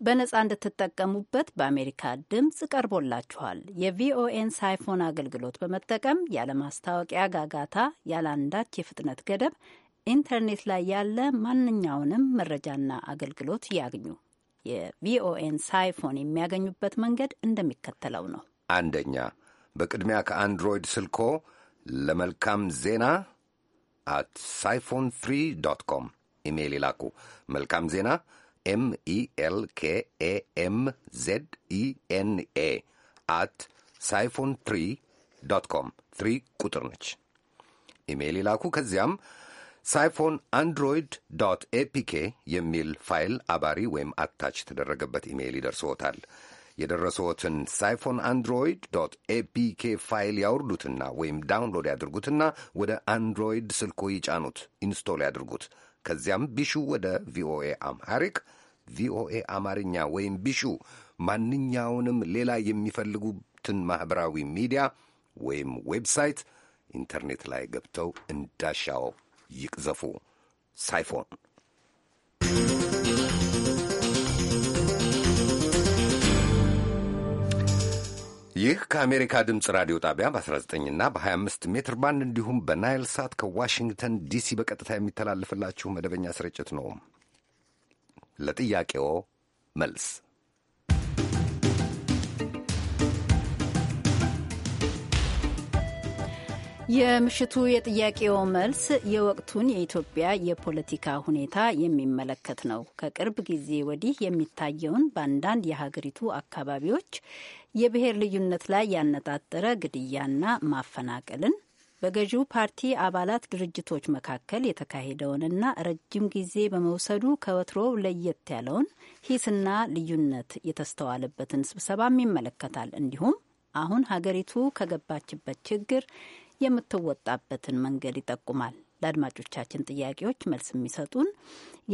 በነጻ እንድትጠቀሙበት በአሜሪካ ድምፅ ቀርቦላችኋል። የቪኦኤን ሳይፎን አገልግሎት በመጠቀም ያለማስታወቂያ ጋጋታ፣ ያለአንዳች የፍጥነት ገደብ ኢንተርኔት ላይ ያለ ማንኛውንም መረጃና አገልግሎት ያግኙ። የቪኦኤን ሳይፎን የሚያገኙበት መንገድ እንደሚከተለው ነው። አንደኛ፣ በቅድሚያ ከአንድሮይድ ስልኮ ለመልካም ዜና አት ሳይፎን ትሪ ዶት ኮም ኢሜይል ይላኩ። መልካም ዜና ኤምኢኤል ኤም አት ሳይፎን ትሪ ዶት ኮም ትሪ ቁጥር ነች። ኢሜይል ይላኩ። ከዚያም ሳይፎን አንድሮይድ ዶት ኤፒኬ የሚል ፋይል አባሪ ወይም አታች የተደረገበት ኢሜይል ይደርስዎታል። የደረሰዎትን ሳይፎን አንድሮይድ ዶት ኤፒኬ ፋይል ያውርዱትና ወይም ዳውንሎድ ያድርጉትና ወደ አንድሮይድ ስልኮ ይጫኑት፣ ኢንስቶል ያድርጉት። ከዚያም ቢሹ ወደ ቪኦኤ አምሃሪክ ቪኦኤ አማርኛ ወይም ቢሹ ማንኛውንም ሌላ የሚፈልጉትን ማኅበራዊ ሚዲያ ወይም ዌብሳይት ኢንተርኔት ላይ ገብተው እንዳሻው ይቅዘፉ። ሳይፎን ይህ ከአሜሪካ ድምፅ ራዲዮ ጣቢያ በ19ና በ25 ሜትር ባንድ እንዲሁም በናይል ሳት ከዋሽንግተን ዲሲ በቀጥታ የሚተላልፍላችሁ መደበኛ ስርጭት ነው። ለጥያቄዎ መልስ የምሽቱ የጥያቄው መልስ የወቅቱን የኢትዮጵያ የፖለቲካ ሁኔታ የሚመለከት ነው። ከቅርብ ጊዜ ወዲህ የሚታየውን በአንዳንድ የሀገሪቱ አካባቢዎች የብሔር ልዩነት ላይ ያነጣጠረ ግድያና ማፈናቀልን በገዢው ፓርቲ አባላት ድርጅቶች መካከል የተካሄደውንና ረጅም ጊዜ በመውሰዱ ከወትሮው ለየት ያለውን ሂስና ልዩነት የተስተዋለበትን ስብሰባም ይመለከታል። እንዲሁም አሁን ሀገሪቱ ከገባችበት ችግር የምትወጣበትን መንገድ ይጠቁማል። ለአድማጮቻችን ጥያቄዎች መልስ የሚሰጡን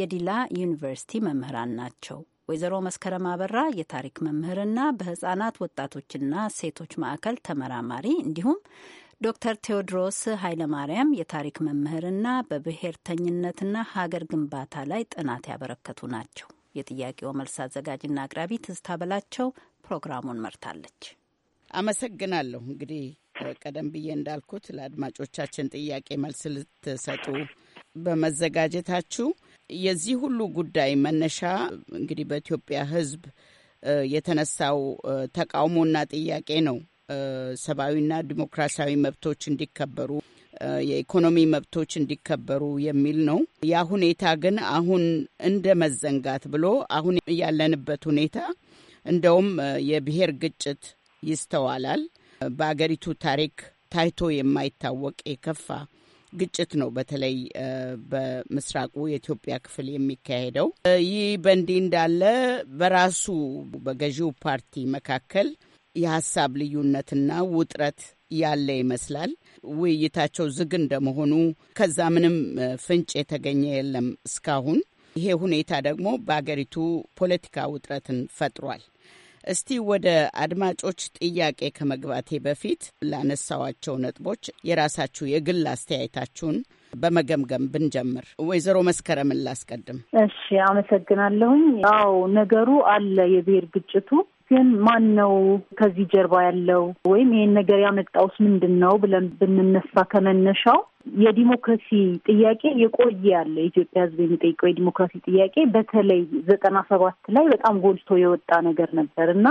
የዲላ ዩኒቨርሲቲ መምህራን ናቸው። ወይዘሮ መስከረም አበራ የታሪክ መምህርና በህጻናት ወጣቶችና ሴቶች ማዕከል ተመራማሪ እንዲሁም ዶክተር ቴዎድሮስ ኃይለማርያም የታሪክ መምህርና በብሔርተኝነትና ሀገር ግንባታ ላይ ጥናት ያበረከቱ ናቸው። የጥያቄው መልስ አዘጋጅና አቅራቢ ትዝታ በላቸው ፕሮግራሙን መርታለች። አመሰግናለሁ። እንግዲህ ቀደም ብዬ እንዳልኩት ለአድማጮቻችን ጥያቄ መልስ ልትሰጡ በመዘጋጀታችሁ የዚህ ሁሉ ጉዳይ መነሻ እንግዲህ በኢትዮጵያ ሕዝብ የተነሳው ተቃውሞና ጥያቄ ነው። ሰብአዊና ዲሞክራሲያዊ መብቶች እንዲከበሩ፣ የኢኮኖሚ መብቶች እንዲከበሩ የሚል ነው። ያ ሁኔታ ግን አሁን እንደ መዘንጋት ብሎ አሁን ያለንበት ሁኔታ እንደውም የብሔር ግጭት ይስተዋላል። በአገሪቱ ታሪክ ታይቶ የማይታወቅ የከፋ ግጭት ነው በተለይ በምስራቁ የኢትዮጵያ ክፍል የሚካሄደው። ይህ በእንዲህ እንዳለ በራሱ በገዢው ፓርቲ መካከል የሀሳብ ልዩነትና ውጥረት ያለ ይመስላል። ውይይታቸው ዝግ እንደመሆኑ ከዛ ምንም ፍንጭ የተገኘ የለም እስካሁን። ይሄ ሁኔታ ደግሞ በአገሪቱ ፖለቲካ ውጥረትን ፈጥሯል። እስቲ ወደ አድማጮች ጥያቄ ከመግባቴ በፊት ላነሳዋቸው ነጥቦች የራሳችሁ የግል አስተያየታችሁን በመገምገም ብንጀምር፣ ወይዘሮ መስከረምን ላስቀድም። እሺ፣ አመሰግናለሁኝ። አዎ ነገሩ አለ የብሔር ግጭቱ ግን ማን ነው ከዚህ ጀርባ ያለው ወይም ይህን ነገር ያመጣውስ ምንድን ነው ብለን ብንነሳ ከመነሻው የዲሞክራሲ ጥያቄ የቆየ ያለ የኢትዮጵያ ሕዝብ የሚጠይቀው የዲሞክራሲ ጥያቄ በተለይ ዘጠና ሰባት ላይ በጣም ጎልቶ የወጣ ነገር ነበር እና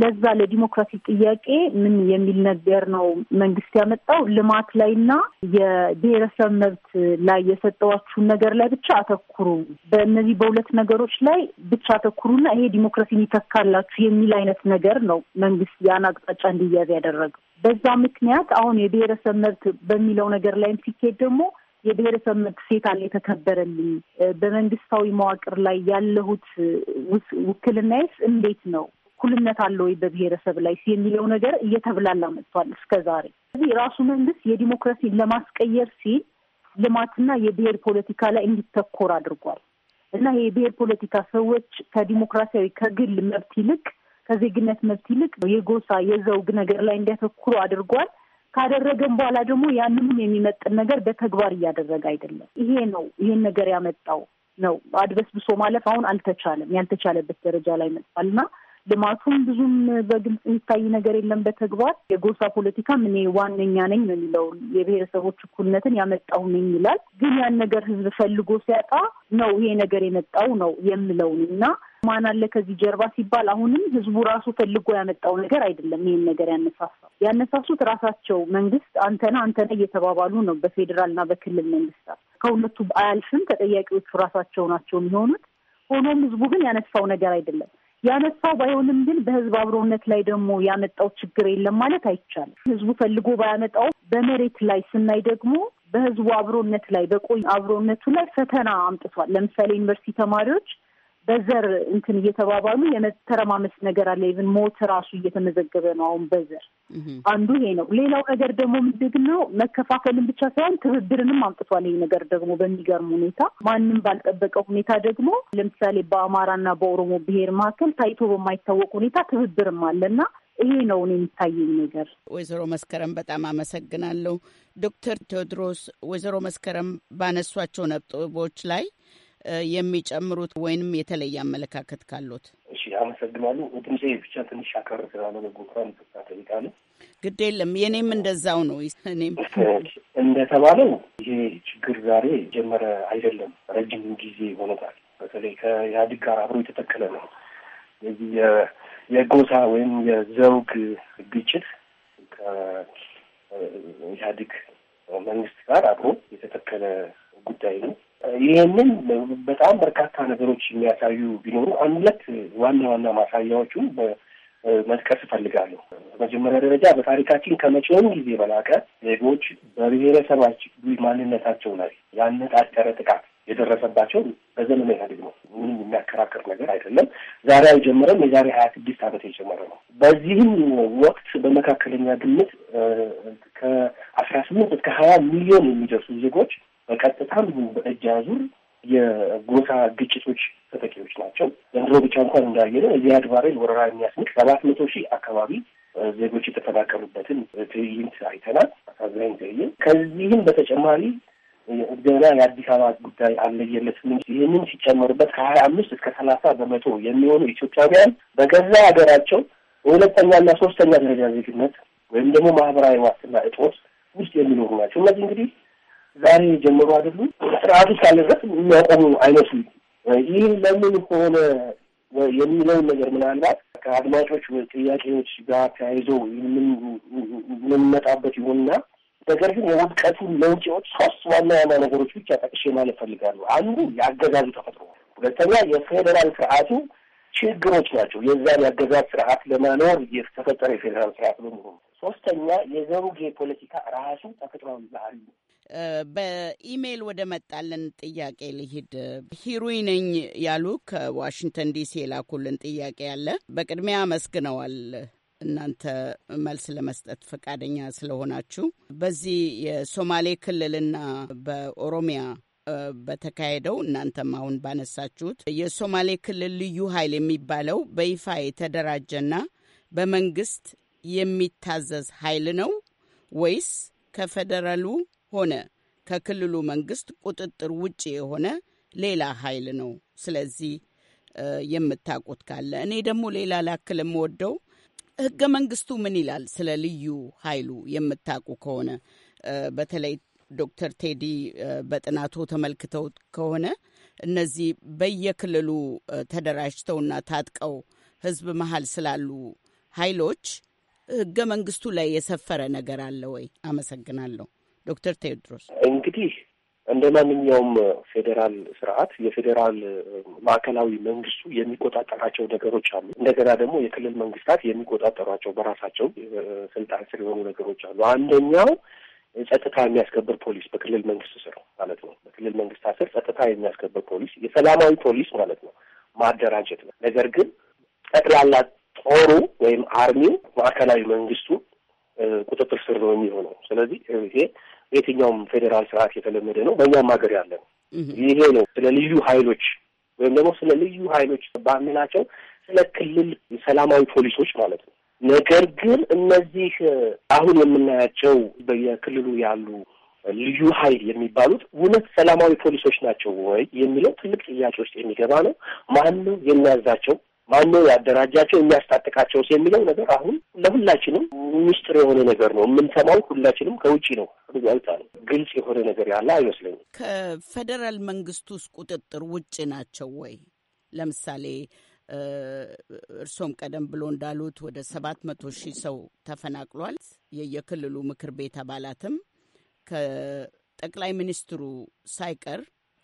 ለዛ ለዲሞክራሲ ጥያቄ ምን የሚል ነገር ነው መንግስት ያመጣው? ልማት ላይና የብሔረሰብ መብት ላይ የሰጠዋችሁን ነገር ላይ ብቻ አተኩሩ፣ በእነዚህ በሁለት ነገሮች ላይ ብቻ አተኩሩና ይሄ ዲሞክራሲን ይተካላችሁ የሚል አይነት ነገር ነው መንግስት ያን አቅጣጫ እንዲያዝ ያደረገው። በዛ ምክንያት አሁን የብሔረሰብ መብት በሚለው ነገር ላይም ሲኬድ ደግሞ የብሔረሰብ መብት ሴት አለ የተከበረልኝ፣ በመንግስታዊ መዋቅር ላይ ያለሁት ውክልናዬስ እንዴት ነው? እኩልነት አለ ወይ በብሔረሰብ ላይ የሚለው ነገር እየተብላላ መጥቷል እስከ ዛሬ። ስለዚህ የራሱ መንግስት የዲሞክራሲን ለማስቀየር ሲል ልማትና የብሔር ፖለቲካ ላይ እንዲተኮር አድርጓል እና ይህ የብሔር ፖለቲካ ሰዎች ከዲሞክራሲያዊ ከግል መብት ይልቅ ከዜግነት መብት ይልቅ የጎሳ የዘውግ ነገር ላይ እንዲያተኩሩ አድርጓል። ካደረገም በኋላ ደግሞ ያንንም የሚመጥን ነገር በተግባር እያደረገ አይደለም። ይሄ ነው ይሄን ነገር ያመጣው ነው። አድበስብሶ ማለፍ አሁን አልተቻለም። ያልተቻለበት ደረጃ ላይ መጥቷል እና ልማቱም ብዙም በግልጽ የሚታይ ነገር የለም። በተግባር የጎሳ ፖለቲካም እኔ ዋነኛ ነኝ ነው የሚለው የብሔረሰቦች እኩልነትን ያመጣው ነኝ ይላል። ግን ያን ነገር ህዝብ ፈልጎ ሲያጣ ነው ይሄ ነገር የመጣው ነው የምለውን እና ማን አለ ከዚህ ጀርባ ሲባል አሁንም ህዝቡ ራሱ ፈልጎ ያመጣው ነገር አይደለም። ይህን ነገር ያነሳሳው ያነሳሱት ራሳቸው መንግስት አንተና አንተና እየተባባሉ ነው በፌዴራልና በክልል መንግስታት ከሁለቱ አያልፍም። ተጠያቂዎቹ ራሳቸው ናቸው የሚሆኑት። ሆኖም ህዝቡ ግን ያነሳው ነገር አይደለም። ያነሳው ባይሆንም ግን በህዝብ አብሮነት ላይ ደግሞ ያመጣው ችግር የለም ማለት አይቻልም። ህዝቡ ፈልጎ ባያመጣው በመሬት ላይ ስናይ ደግሞ በህዝቡ አብሮነት ላይ በቆይ አብሮነቱ ላይ ፈተና አምጥቷል። ለምሳሌ ዩኒቨርሲቲ ተማሪዎች በዘር እንትን እየተባባሉ የመተረማመስ ነገር አለ። ኢቭን ሞት ራሱ እየተመዘገበ ነው አሁን በዘር አንዱ ይሄ ነው። ሌላው ነገር ደግሞ ምንድን ነው መከፋፈልን ብቻ ሳይሆን ትብብርንም አምጥቷል። ይሄ ነገር ደግሞ በሚገርም ሁኔታ ማንም ባልጠበቀ ሁኔታ ደግሞ ለምሳሌ በአማራና በኦሮሞ ብሔር መካከል ታይቶ በማይታወቅ ሁኔታ ትብብርም አለና ይሄ ነው እኔ የሚታየኝ ነገር። ወይዘሮ መስከረም በጣም አመሰግናለሁ። ዶክተር ቴዎድሮስ ወይዘሮ መስከረም ባነሷቸው ነጥቦች ላይ የሚጨምሩት ወይንም የተለየ አመለካከት ካሉት? እሺ አመሰግናለሁ። ድምፄ ብቻ ትንሽ አከር ስላለ በጎኳን ፍታ ጠይቃለ። ግድ የለም የእኔም እንደዛው ነው። እኔም እንደተባለው ይሄ ችግር ዛሬ ጀመረ አይደለም፣ ረጅም ጊዜ ሆኖታል። በተለይ ከኢህአዴግ ጋር አብሮ የተተከለ ነው። የዚህ የጎሳ ወይም የዘውግ ግጭት ከኢህአዴግ መንግስት ጋር አብሮ የተተከለ ጉዳይ ነው። ይህንን በጣም በርካታ ነገሮች የሚያሳዩ ቢኖሩ አንድ ሁለት ዋና ዋና ማሳያዎቹን መጥቀስ እፈልጋለሁ። መጀመሪያ ደረጃ በታሪካችን ከመቼውም ጊዜ በላቀ ዜጎች በብሔረሰባዊ ማንነታቸው ላይ ያነጣጠረ ጥቃት የደረሰባቸው በዘመነ ኢህአዴግ ነው። ምንም የሚያከራከር ነገር አይደለም። ዛሬ አይጀምረም። የዛሬ ሀያ ስድስት ዓመት የጀመረ ነው። በዚህም ወቅት በመካከለኛ ግምት ከአስራ ስምንት እስከ ሀያ ሚሊዮን የሚደርሱ ዜጎች በቀጥታም ይሁን በእጅ አዙር የጎሳ ግጭቶች ተጠቂዎች ናቸው። ዘንድሮ ብቻ እንኳን እንዳየነ እዚህ አድባሬል ወረራ የሚያስንቅ ሰባት መቶ ሺህ አካባቢ ዜጎች የተፈናቀሉበትን ትዕይንት አይተናል። አሳዛኝ ትዕይንት። ከዚህም በተጨማሪ ገና የአዲስ አበባ ጉዳይ አልለየለትም እንጂ ይህንን ሲጨመሩበት ከሀያ አምስት እስከ ሰላሳ በመቶ የሚሆኑ ኢትዮጵያውያን በገዛ ሀገራቸው በሁለተኛና ሶስተኛ ደረጃ ዜግነት ወይም ደግሞ ማህበራዊ ዋስትና እጦት ውስጥ የሚኖሩ ናቸው። እነዚህ እንግዲህ ዛሬ የጀመሩ አይደሉም። ስርዓቱ እስካለ ድረስ የሚያቆሙ አይመስሉም። ይህም ለምን ሆነ የሚለውን ነገር ምናልባት ከአድማጮች ጥያቄዎች ጋር ተያይዞ የምንመጣበት ይሆንና ነገር ግን የውድቀቱን መውጫዎች ሶስት ዋና ዋና ነገሮች ብቻ ጠቅሼ ማለት ፈልጋለሁ። አንዱ የአገዛዙ ተፈጥሮ፣ ሁለተኛ የፌዴራል ስርዓቱ ችግሮች ናቸው። የዛን የአገዛዝ ስርዓት ለማኖር የተፈጠረ የፌዴራል ስርዓት በመሆኑ፣ ሶስተኛ የዘሩጌ ፖለቲካ ራሱ ተፈጥሯዊ ባህል በኢሜይል ወደ መጣልን ጥያቄ ልሂድ። ሂሩይ ነኝ ያሉ ከዋሽንግተን ዲሲ የላኩልን ጥያቄ አለ። በቅድሚያ አመስግነዋል እናንተ መልስ ለመስጠት ፈቃደኛ ስለሆናችሁ። በዚህ የሶማሌ ክልልና በኦሮሚያ በተካሄደው እናንተም አሁን ባነሳችሁት የሶማሌ ክልል ልዩ ኃይል የሚባለው በይፋ የተደራጀና በመንግስት የሚታዘዝ ኃይል ነው ወይስ ከፌደራሉ? ሆነ ከክልሉ መንግስት ቁጥጥር ውጭ የሆነ ሌላ ኃይል ነው። ስለዚህ የምታውቁት ካለ እኔ ደግሞ ሌላ ላክል የምወደው ህገ መንግስቱ ምን ይላል ስለ ልዩ ኃይሉ የምታውቁ ከሆነ በተለይ ዶክተር ቴዲ በጥናቱ ተመልክተው ከሆነ እነዚህ በየክልሉ ተደራጅተውና ታጥቀው ህዝብ መሀል ስላሉ ኃይሎች ህገ መንግስቱ ላይ የሰፈረ ነገር አለ ወይ? አመሰግናለሁ። ዶክተር ቴዎድሮስ እንግዲህ እንደ ማንኛውም ፌዴራል ስርዓት የፌዴራል ማዕከላዊ መንግስቱ የሚቆጣጠራቸው ነገሮች አሉ። እንደገና ደግሞ የክልል መንግስታት የሚቆጣጠሯቸው በራሳቸው ስልጣን ስር የሆኑ ነገሮች አሉ። አንደኛው ጸጥታ የሚያስከብር ፖሊስ በክልል መንግስት ስር ማለት ነው። በክልል መንግስታት ስር ጸጥታ የሚያስከብር ፖሊስ፣ የሰላማዊ ፖሊስ ማለት ነው ማደራጀት ነው። ነገር ግን ጠቅላላ ጦሩ ወይም አርሚው ማዕከላዊ መንግስቱ ቁጥጥር ስር ነው የሚሆነው። ስለዚህ ይሄ በየትኛውም ፌዴራል ስርዓት የተለመደ ነው፣ በእኛም ሀገር ያለ ነው። ይሄ ነው ስለ ልዩ ኃይሎች ወይም ደግሞ ስለ ልዩ ኃይሎች ባንላቸው ስለ ክልል ሰላማዊ ፖሊሶች ማለት ነው። ነገር ግን እነዚህ አሁን የምናያቸው በየክልሉ ያሉ ልዩ ኃይል የሚባሉት እውነት ሰላማዊ ፖሊሶች ናቸው ወይ የሚለው ትልቅ ጥያቄ ውስጥ የሚገባ ነው። ማን ነው የሚያዛቸው? ማነው ያደራጃቸው የሚያስታጥቃቸው የሚለው ነገር አሁን ለሁላችንም ሚስጥር የሆነ ነገር ነው። የምንሰማው ሁላችንም ከውጭ ነው። ያልታ ነው ግልጽ የሆነ ነገር ያለ አይመስለኝም። ከፌዴራል መንግስት ውስጥ ቁጥጥር ውጭ ናቸው ወይ? ለምሳሌ እርሶም ቀደም ብሎ እንዳሉት ወደ ሰባት መቶ ሺህ ሰው ተፈናቅሏል። የየክልሉ ምክር ቤት አባላትም ከጠቅላይ ሚኒስትሩ ሳይቀር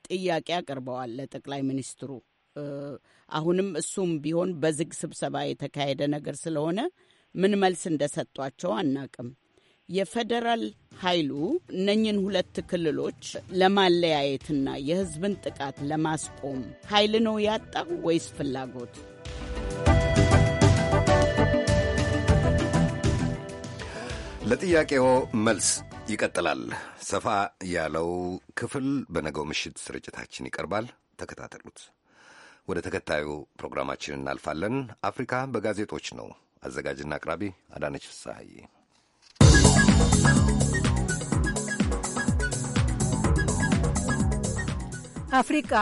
ጥያቄ አቅርበዋል ለጠቅላይ ሚኒስትሩ አሁንም እሱም ቢሆን በዝግ ስብሰባ የተካሄደ ነገር ስለሆነ ምን መልስ እንደሰጧቸው አናቅም። የፌዴራል ኃይሉ እነኝን ሁለት ክልሎች ለማለያየትና የሕዝብን ጥቃት ለማስቆም ኃይል ነው ያጣው ወይስ ፍላጎት? ለጥያቄው መልስ ይቀጥላል። ሰፋ ያለው ክፍል በነገው ምሽት ስርጭታችን ይቀርባል። ተከታተሉት። ወደ ተከታዩ ፕሮግራማችን እናልፋለን። አፍሪካ በጋዜጦች ነው። አዘጋጅና አቅራቢ አዳነች ፍስሐዬ። አፍሪቃ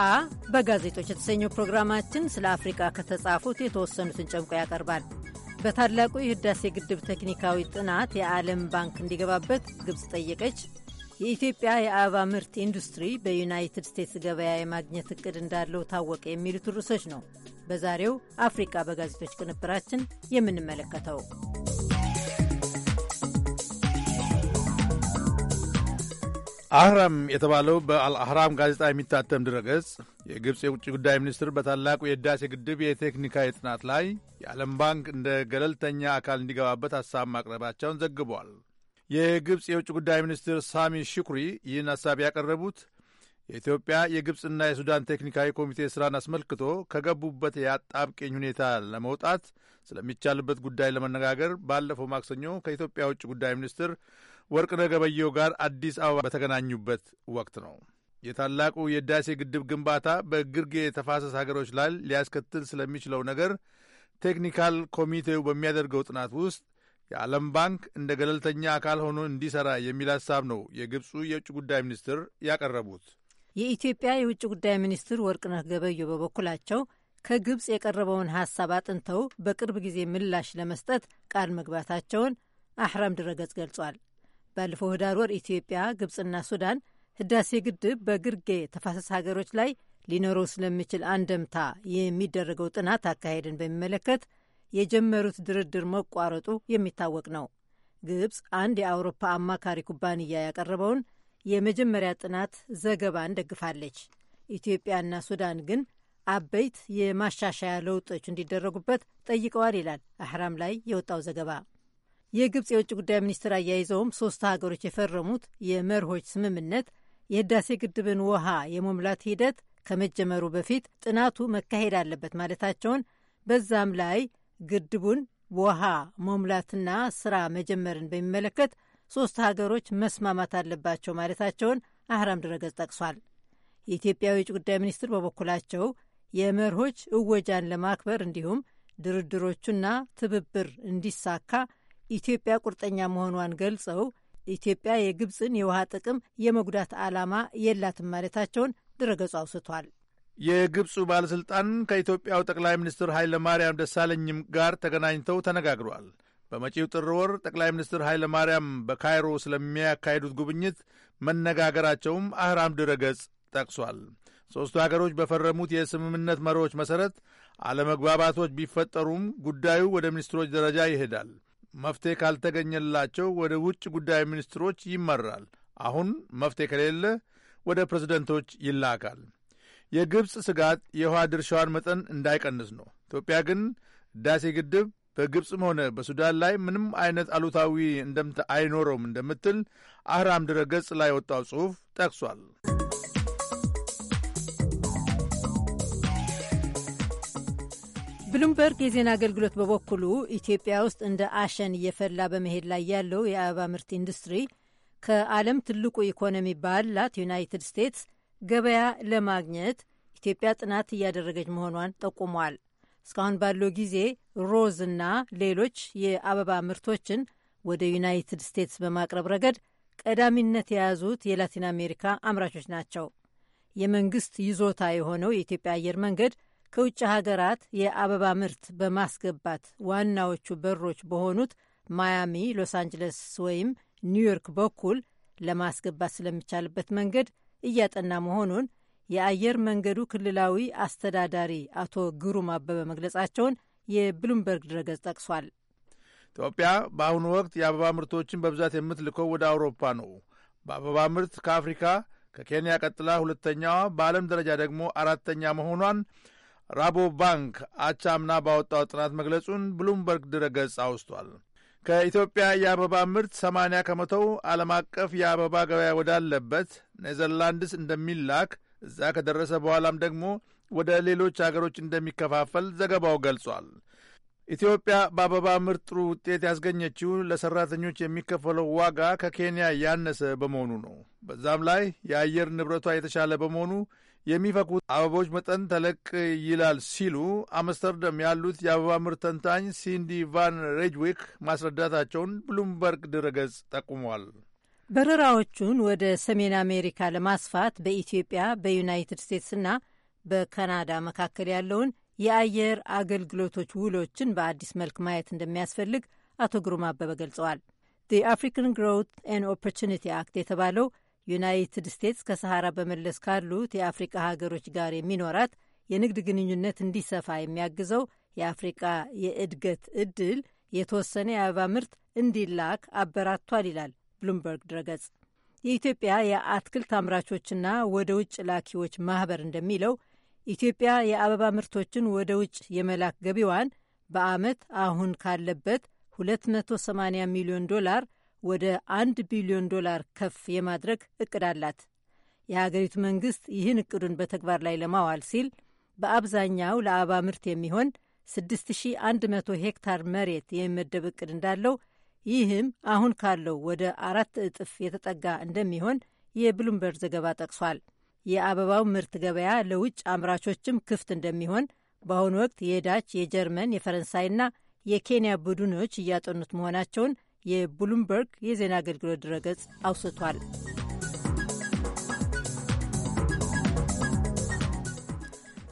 በጋዜጦች የተሰኘው ፕሮግራማችን ስለ አፍሪቃ ከተጻፉት የተወሰኑትን ጨምቆ ያቀርባል። በታላቁ የህዳሴ ግድብ ቴክኒካዊ ጥናት የዓለም ባንክ እንዲገባበት ግብፅ ጠየቀች፣ የኢትዮጵያ የአበባ ምርት ኢንዱስትሪ በዩናይትድ ስቴትስ ገበያ የማግኘት እቅድ እንዳለው ታወቀ የሚሉት ርዕሶች ነው በዛሬው አፍሪቃ በጋዜጦች ቅንብራችን የምንመለከተው። አህራም የተባለው በአልአህራም ጋዜጣ የሚታተም ድረገጽ የግብፅ የውጭ ጉዳይ ሚኒስትር በታላቁ የህዳሴ ግድብ የቴክኒካዊ ጥናት ላይ የዓለም ባንክ እንደ ገለልተኛ አካል እንዲገባበት ሐሳብ ማቅረባቸውን ዘግቧል። የግብፅ የውጭ ጉዳይ ሚኒስትር ሳሚ ሽኩሪ ይህን ሐሳብ ያቀረቡት የኢትዮጵያ የግብፅና የሱዳን ቴክኒካዊ ኮሚቴ ሥራን አስመልክቶ ከገቡበት የአጣብቂኝ ሁኔታ ለመውጣት ስለሚቻልበት ጉዳይ ለመነጋገር ባለፈው ማክሰኞ ከኢትዮጵያ ውጭ ጉዳይ ሚኒስትር ወርቅነህ ገበየሁ ጋር አዲስ አበባ በተገናኙበት ወቅት ነው። የታላቁ የህዳሴ ግድብ ግንባታ በግርጌ የተፋሰስ ሀገሮች ላይ ሊያስከትል ስለሚችለው ነገር ቴክኒካል ኮሚቴው በሚያደርገው ጥናት ውስጥ የዓለም ባንክ እንደ ገለልተኛ አካል ሆኖ እንዲሠራ የሚል ሐሳብ ነው የግብፁ የውጭ ጉዳይ ሚኒስትር ያቀረቡት። የኢትዮጵያ የውጭ ጉዳይ ሚኒስትር ወርቅነህ ገበዮ በበኩላቸው ከግብፅ የቀረበውን ሐሳብ አጥንተው በቅርብ ጊዜ ምላሽ ለመስጠት ቃል መግባታቸውን አህራም ድረገጽ ገልጿል። ባለፈው ህዳር ወር ኢትዮጵያ፣ ግብፅና ሱዳን ህዳሴ ግድብ በግርጌ ተፋሰስ ሀገሮች ላይ ሊኖረው ስለሚችል አንደምታ የሚደረገው ጥናት አካሄድን በሚመለከት የጀመሩት ድርድር መቋረጡ የሚታወቅ ነው። ግብፅ አንድ የአውሮፓ አማካሪ ኩባንያ ያቀረበውን የመጀመሪያ ጥናት ዘገባን ደግፋለች። ኢትዮጵያና ሱዳን ግን አበይት የማሻሻያ ለውጦች እንዲደረጉበት ጠይቀዋል ይላል አህራም ላይ የወጣው ዘገባ። የግብፅ የውጭ ጉዳይ ሚኒስትር አያይዘውም ሶስት ሀገሮች የፈረሙት የመርሆች ስምምነት የህዳሴ ግድብን ውሃ የመሙላት ሂደት ከመጀመሩ በፊት ጥናቱ መካሄድ አለበት ማለታቸውን በዛም ላይ ግድቡን ውሃ መሙላትና ስራ መጀመርን በሚመለከት ሶስት ሀገሮች መስማማት አለባቸው ማለታቸውን አህራም ድረገጽ ጠቅሷል። የኢትዮጵያ የውጭ ጉዳይ ሚኒስትር በበኩላቸው የመርሆች እወጃን ለማክበር እንዲሁም ድርድሮቹና ትብብር እንዲሳካ ኢትዮጵያ ቁርጠኛ መሆኗን ገልጸው ኢትዮጵያ የግብፅን የውሃ ጥቅም የመጉዳት ዓላማ የላትም ማለታቸውን ድረገጹ አውስቷል። የግብፁ ባለሥልጣን ከኢትዮጵያው ጠቅላይ ሚኒስትር ኃይለ ማርያም ደሳለኝም ጋር ተገናኝተው ተነጋግረዋል። በመጪው ጥር ወር ጠቅላይ ሚኒስትር ኃይለ ማርያም በካይሮ ስለሚያካሂዱት ጉብኝት መነጋገራቸውም አህራም ድረገጽ ጠቅሷል። ሦስቱ አገሮች በፈረሙት የስምምነት መርሆች መሠረት አለመግባባቶች ቢፈጠሩም ጉዳዩ ወደ ሚኒስትሮች ደረጃ ይሄዳል። መፍትሄ ካልተገኘላቸው ወደ ውጭ ጉዳይ ሚኒስትሮች ይመራል። አሁን መፍትሄ ከሌለ ወደ ፕሬዝደንቶች ይላካል። የግብፅ ስጋት የውሃ ድርሻዋን መጠን እንዳይቀንስ ነው። ኢትዮጵያ ግን ህዳሴ ግድብ በግብፅም ሆነ በሱዳን ላይ ምንም አይነት አሉታዊ እንደምት አይኖረውም እንደምትል አህራም ድረገጽ ላይ የወጣው ጽሑፍ ጠቅሷል። ብሉምበርግ የዜና አገልግሎት በበኩሉ ኢትዮጵያ ውስጥ እንደ አሸን እየፈላ በመሄድ ላይ ያለው የአበባ ምርት ኢንዱስትሪ ከዓለም ትልቁ ኢኮኖሚ ባላት ዩናይትድ ስቴትስ ገበያ ለማግኘት ኢትዮጵያ ጥናት እያደረገች መሆኗን ጠቁሟል። እስካሁን ባለው ጊዜ ሮዝ እና ሌሎች የአበባ ምርቶችን ወደ ዩናይትድ ስቴትስ በማቅረብ ረገድ ቀዳሚነት የያዙት የላቲን አሜሪካ አምራቾች ናቸው። የመንግስት ይዞታ የሆነው የኢትዮጵያ አየር መንገድ ከውጭ ሀገራት የአበባ ምርት በማስገባት ዋናዎቹ በሮች በሆኑት ማያሚ፣ ሎስ አንጅለስ ወይም ኒውዮርክ በኩል ለማስገባት ስለሚቻልበት መንገድ እያጠና መሆኑን የአየር መንገዱ ክልላዊ አስተዳዳሪ አቶ ግሩም አበበ መግለጻቸውን የብሉምበርግ ድረገጽ ጠቅሷል። ኢትዮጵያ በአሁኑ ወቅት የአበባ ምርቶችን በብዛት የምትልከው ወደ አውሮፓ ነው። በአበባ ምርት ከአፍሪካ ከኬንያ ቀጥላ ሁለተኛዋ፣ በዓለም ደረጃ ደግሞ አራተኛ መሆኗን ራቦ ባንክ አቻምና ባወጣው ጥናት መግለጹን ብሉምበርግ ድረገጽ አውስቷል። ከኢትዮጵያ የአበባ ምርት 80 ከመቶው ዓለም አቀፍ የአበባ ገበያ ወዳለበት ኔዘርላንድስ እንደሚላክ እዛ ከደረሰ በኋላም ደግሞ ወደ ሌሎች አገሮች እንደሚከፋፈል ዘገባው ገልጿል። ኢትዮጵያ በአበባ ምርት ጥሩ ውጤት ያስገኘችው ለሰራተኞች የሚከፈለው ዋጋ ከኬንያ ያነሰ በመሆኑ ነው። በዛም ላይ የአየር ንብረቷ የተሻለ በመሆኑ የሚፈኩት አበቦች መጠን ተለቅ ይላል ሲሉ አምስተርዳም ያሉት የአበባ ምርት ተንታኝ ሲንዲ ቫን ሬጅዊክ ማስረዳታቸውን ብሉምበርግ ድረገጽ ጠቁሟል። በረራዎቹን ወደ ሰሜን አሜሪካ ለማስፋት በኢትዮጵያ በዩናይትድ ስቴትስና በካናዳ መካከል ያለውን የአየር አገልግሎቶች ውሎችን በአዲስ መልክ ማየት እንደሚያስፈልግ አቶ ግሩም አበበ ገልጸዋል። ዲ አፍሪካን ግሮውት ኤን ኦፖርቹኒቲ አክት የተባለው ዩናይትድ ስቴትስ ከሰሐራ በመለስ ካሉት የአፍሪቃ ሀገሮች ጋር የሚኖራት የንግድ ግንኙነት እንዲሰፋ የሚያግዘው የአፍሪቃ የእድገት እድል የተወሰነ የአበባ ምርት እንዲላክ አበራቷል ይላል ብሉምበርግ ድረገጽ። የኢትዮጵያ የአትክልት አምራቾችና ወደ ውጭ ላኪዎች ማህበር እንደሚለው ኢትዮጵያ የአበባ ምርቶችን ወደ ውጭ የመላክ ገቢዋን በአመት አሁን ካለበት 280 ሚሊዮን ዶላር ወደ አንድ ቢሊዮን ዶላር ከፍ የማድረግ እቅድ አላት። የሀገሪቱ መንግስት ይህን እቅዱን በተግባር ላይ ለማዋል ሲል በአብዛኛው ለአበባ ምርት የሚሆን 6100 ሄክታር መሬት የሚመደብ እቅድ እንዳለው፣ ይህም አሁን ካለው ወደ አራት እጥፍ የተጠጋ እንደሚሆን የብሉምበርግ ዘገባ ጠቅሷል። የአበባው ምርት ገበያ ለውጭ አምራቾችም ክፍት እንደሚሆን በአሁኑ ወቅት የዳች፣ የጀርመን፣ የፈረንሳይና የኬንያ ቡድኖች እያጠኑት መሆናቸውን የብሉምበርግ የዜና አገልግሎት ድረገጽ አውስቷል።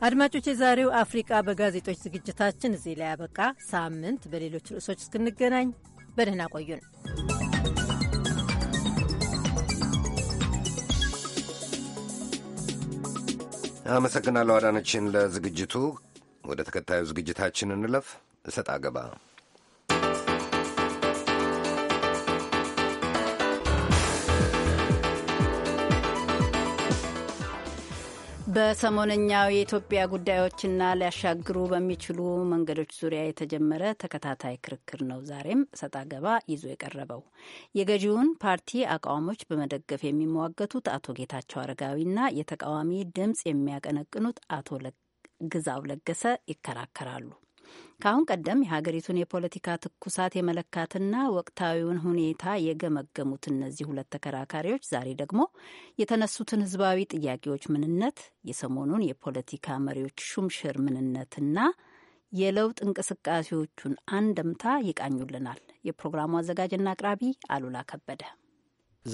አድማጮች፣ የዛሬው አፍሪቃ በጋዜጦች ዝግጅታችን እዚህ ላይ ያበቃ። ሳምንት በሌሎች ርዕሶች እስክንገናኝ በደህና ቆዩን። አመሰግናለሁ አዳነችን ለዝግጅቱ። ወደ ተከታዩ ዝግጅታችን እንለፍ። እሰጥ አገባ በሰሞነኛው የኢትዮጵያ ጉዳዮችና ሊያሻግሩ በሚችሉ መንገዶች ዙሪያ የተጀመረ ተከታታይ ክርክር ነው። ዛሬም ሰጣ ገባ ይዞ የቀረበው የገዢውን ፓርቲ አቋሞች በመደገፍ የሚሟገቱት አቶ ጌታቸው አረጋዊና የተቃዋሚ ድምፅ የሚያቀነቅኑት አቶ ግዛው ለገሰ ይከራከራሉ። ከአሁን ቀደም የሀገሪቱን የፖለቲካ ትኩሳት የመለካትና ወቅታዊውን ሁኔታ የገመገሙት እነዚህ ሁለት ተከራካሪዎች ዛሬ ደግሞ የተነሱትን ህዝባዊ ጥያቄዎች ምንነት፣ የሰሞኑን የፖለቲካ መሪዎች ሹምሽር ምንነትና የለውጥ እንቅስቃሴዎቹን አንድምታ ይቃኙልናል። የፕሮግራሙ አዘጋጅና አቅራቢ አሉላ ከበደ።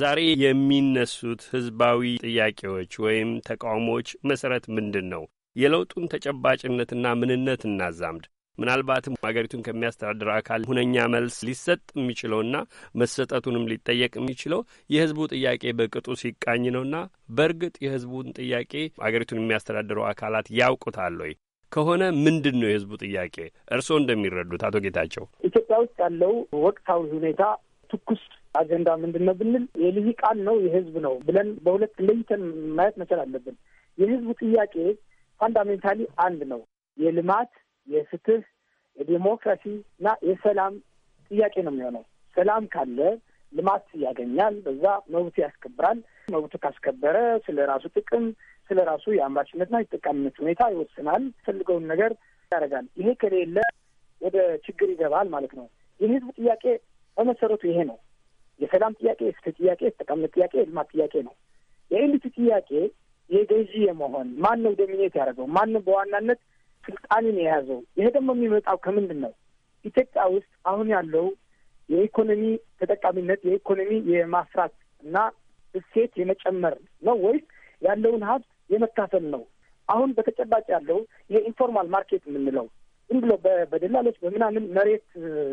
ዛሬ የሚነሱት ህዝባዊ ጥያቄዎች ወይም ተቃውሞዎች መሰረት ምንድን ነው? የለውጡን ተጨባጭነትና ምንነት እናዛምድ። ምናልባትም ሀገሪቱን ከሚያስተዳድረው አካል ሁነኛ መልስ ሊሰጥ የሚችለውና መሰጠቱንም ሊጠየቅ የሚችለው የህዝቡ ጥያቄ በቅጡ ሲቃኝ ነውና በእርግጥ የህዝቡን ጥያቄ ሀገሪቱን የሚያስተዳድረው አካላት ያውቁታል ወይ? ከሆነ ምንድን ነው የህዝቡ ጥያቄ? እርስዎ እንደሚረዱት አቶ ጌታቸው፣ ኢትዮጵያ ውስጥ ያለው ወቅታዊ ሁኔታ ትኩስ አጀንዳ ምንድን ነው ብንል ቃል ነው የህዝብ ነው ብለን በሁለት ለይተን ማየት መቻል አለብን። የህዝቡ ጥያቄ ፋንዳሜንታሊ አንድ ነው፣ የልማት የፍትህ፣ የዲሞክራሲ የሰላም ጥያቄ ነው የሚሆነው። ሰላም ካለ ልማት ያገኛል። በዛ መብት ያስከብራል። መብቱ ካስከበረ ስለ ራሱ ጥቅም፣ ስለ ራሱ የአምራችነትና የተጠቃሚነት ሁኔታ ይወስናል። ፈልገውን ነገር ያደርጋል። ይሄ ከሌለ ወደ ችግር ይገባል ማለት ነው። የህዝብ ጥያቄ በመሰረቱ ይሄ ነው። የሰላም ጥያቄ፣ የፍትህ ጥያቄ፣ የተጠቃሚነት ጥያቄ፣ የልማት ጥያቄ ነው። የኤሊት ጥያቄ የገዢ የመሆን ማን ነው ዶሚኔት ያደረገው? ማን ነው በዋናነት ስልጣንን የያዘው። ይሄ ደግሞ የሚመጣው ከምንድን ነው? ኢትዮጵያ ውስጥ አሁን ያለው የኢኮኖሚ ተጠቃሚነት የኢኮኖሚ የማስራት እና እሴት የመጨመር ነው ወይስ ያለውን ሀብት የመካፈል ነው? አሁን በተጨባጭ ያለው የኢንፎርማል ማርኬት የምንለው ዝም ብሎ በደላሎች በምናምን መሬት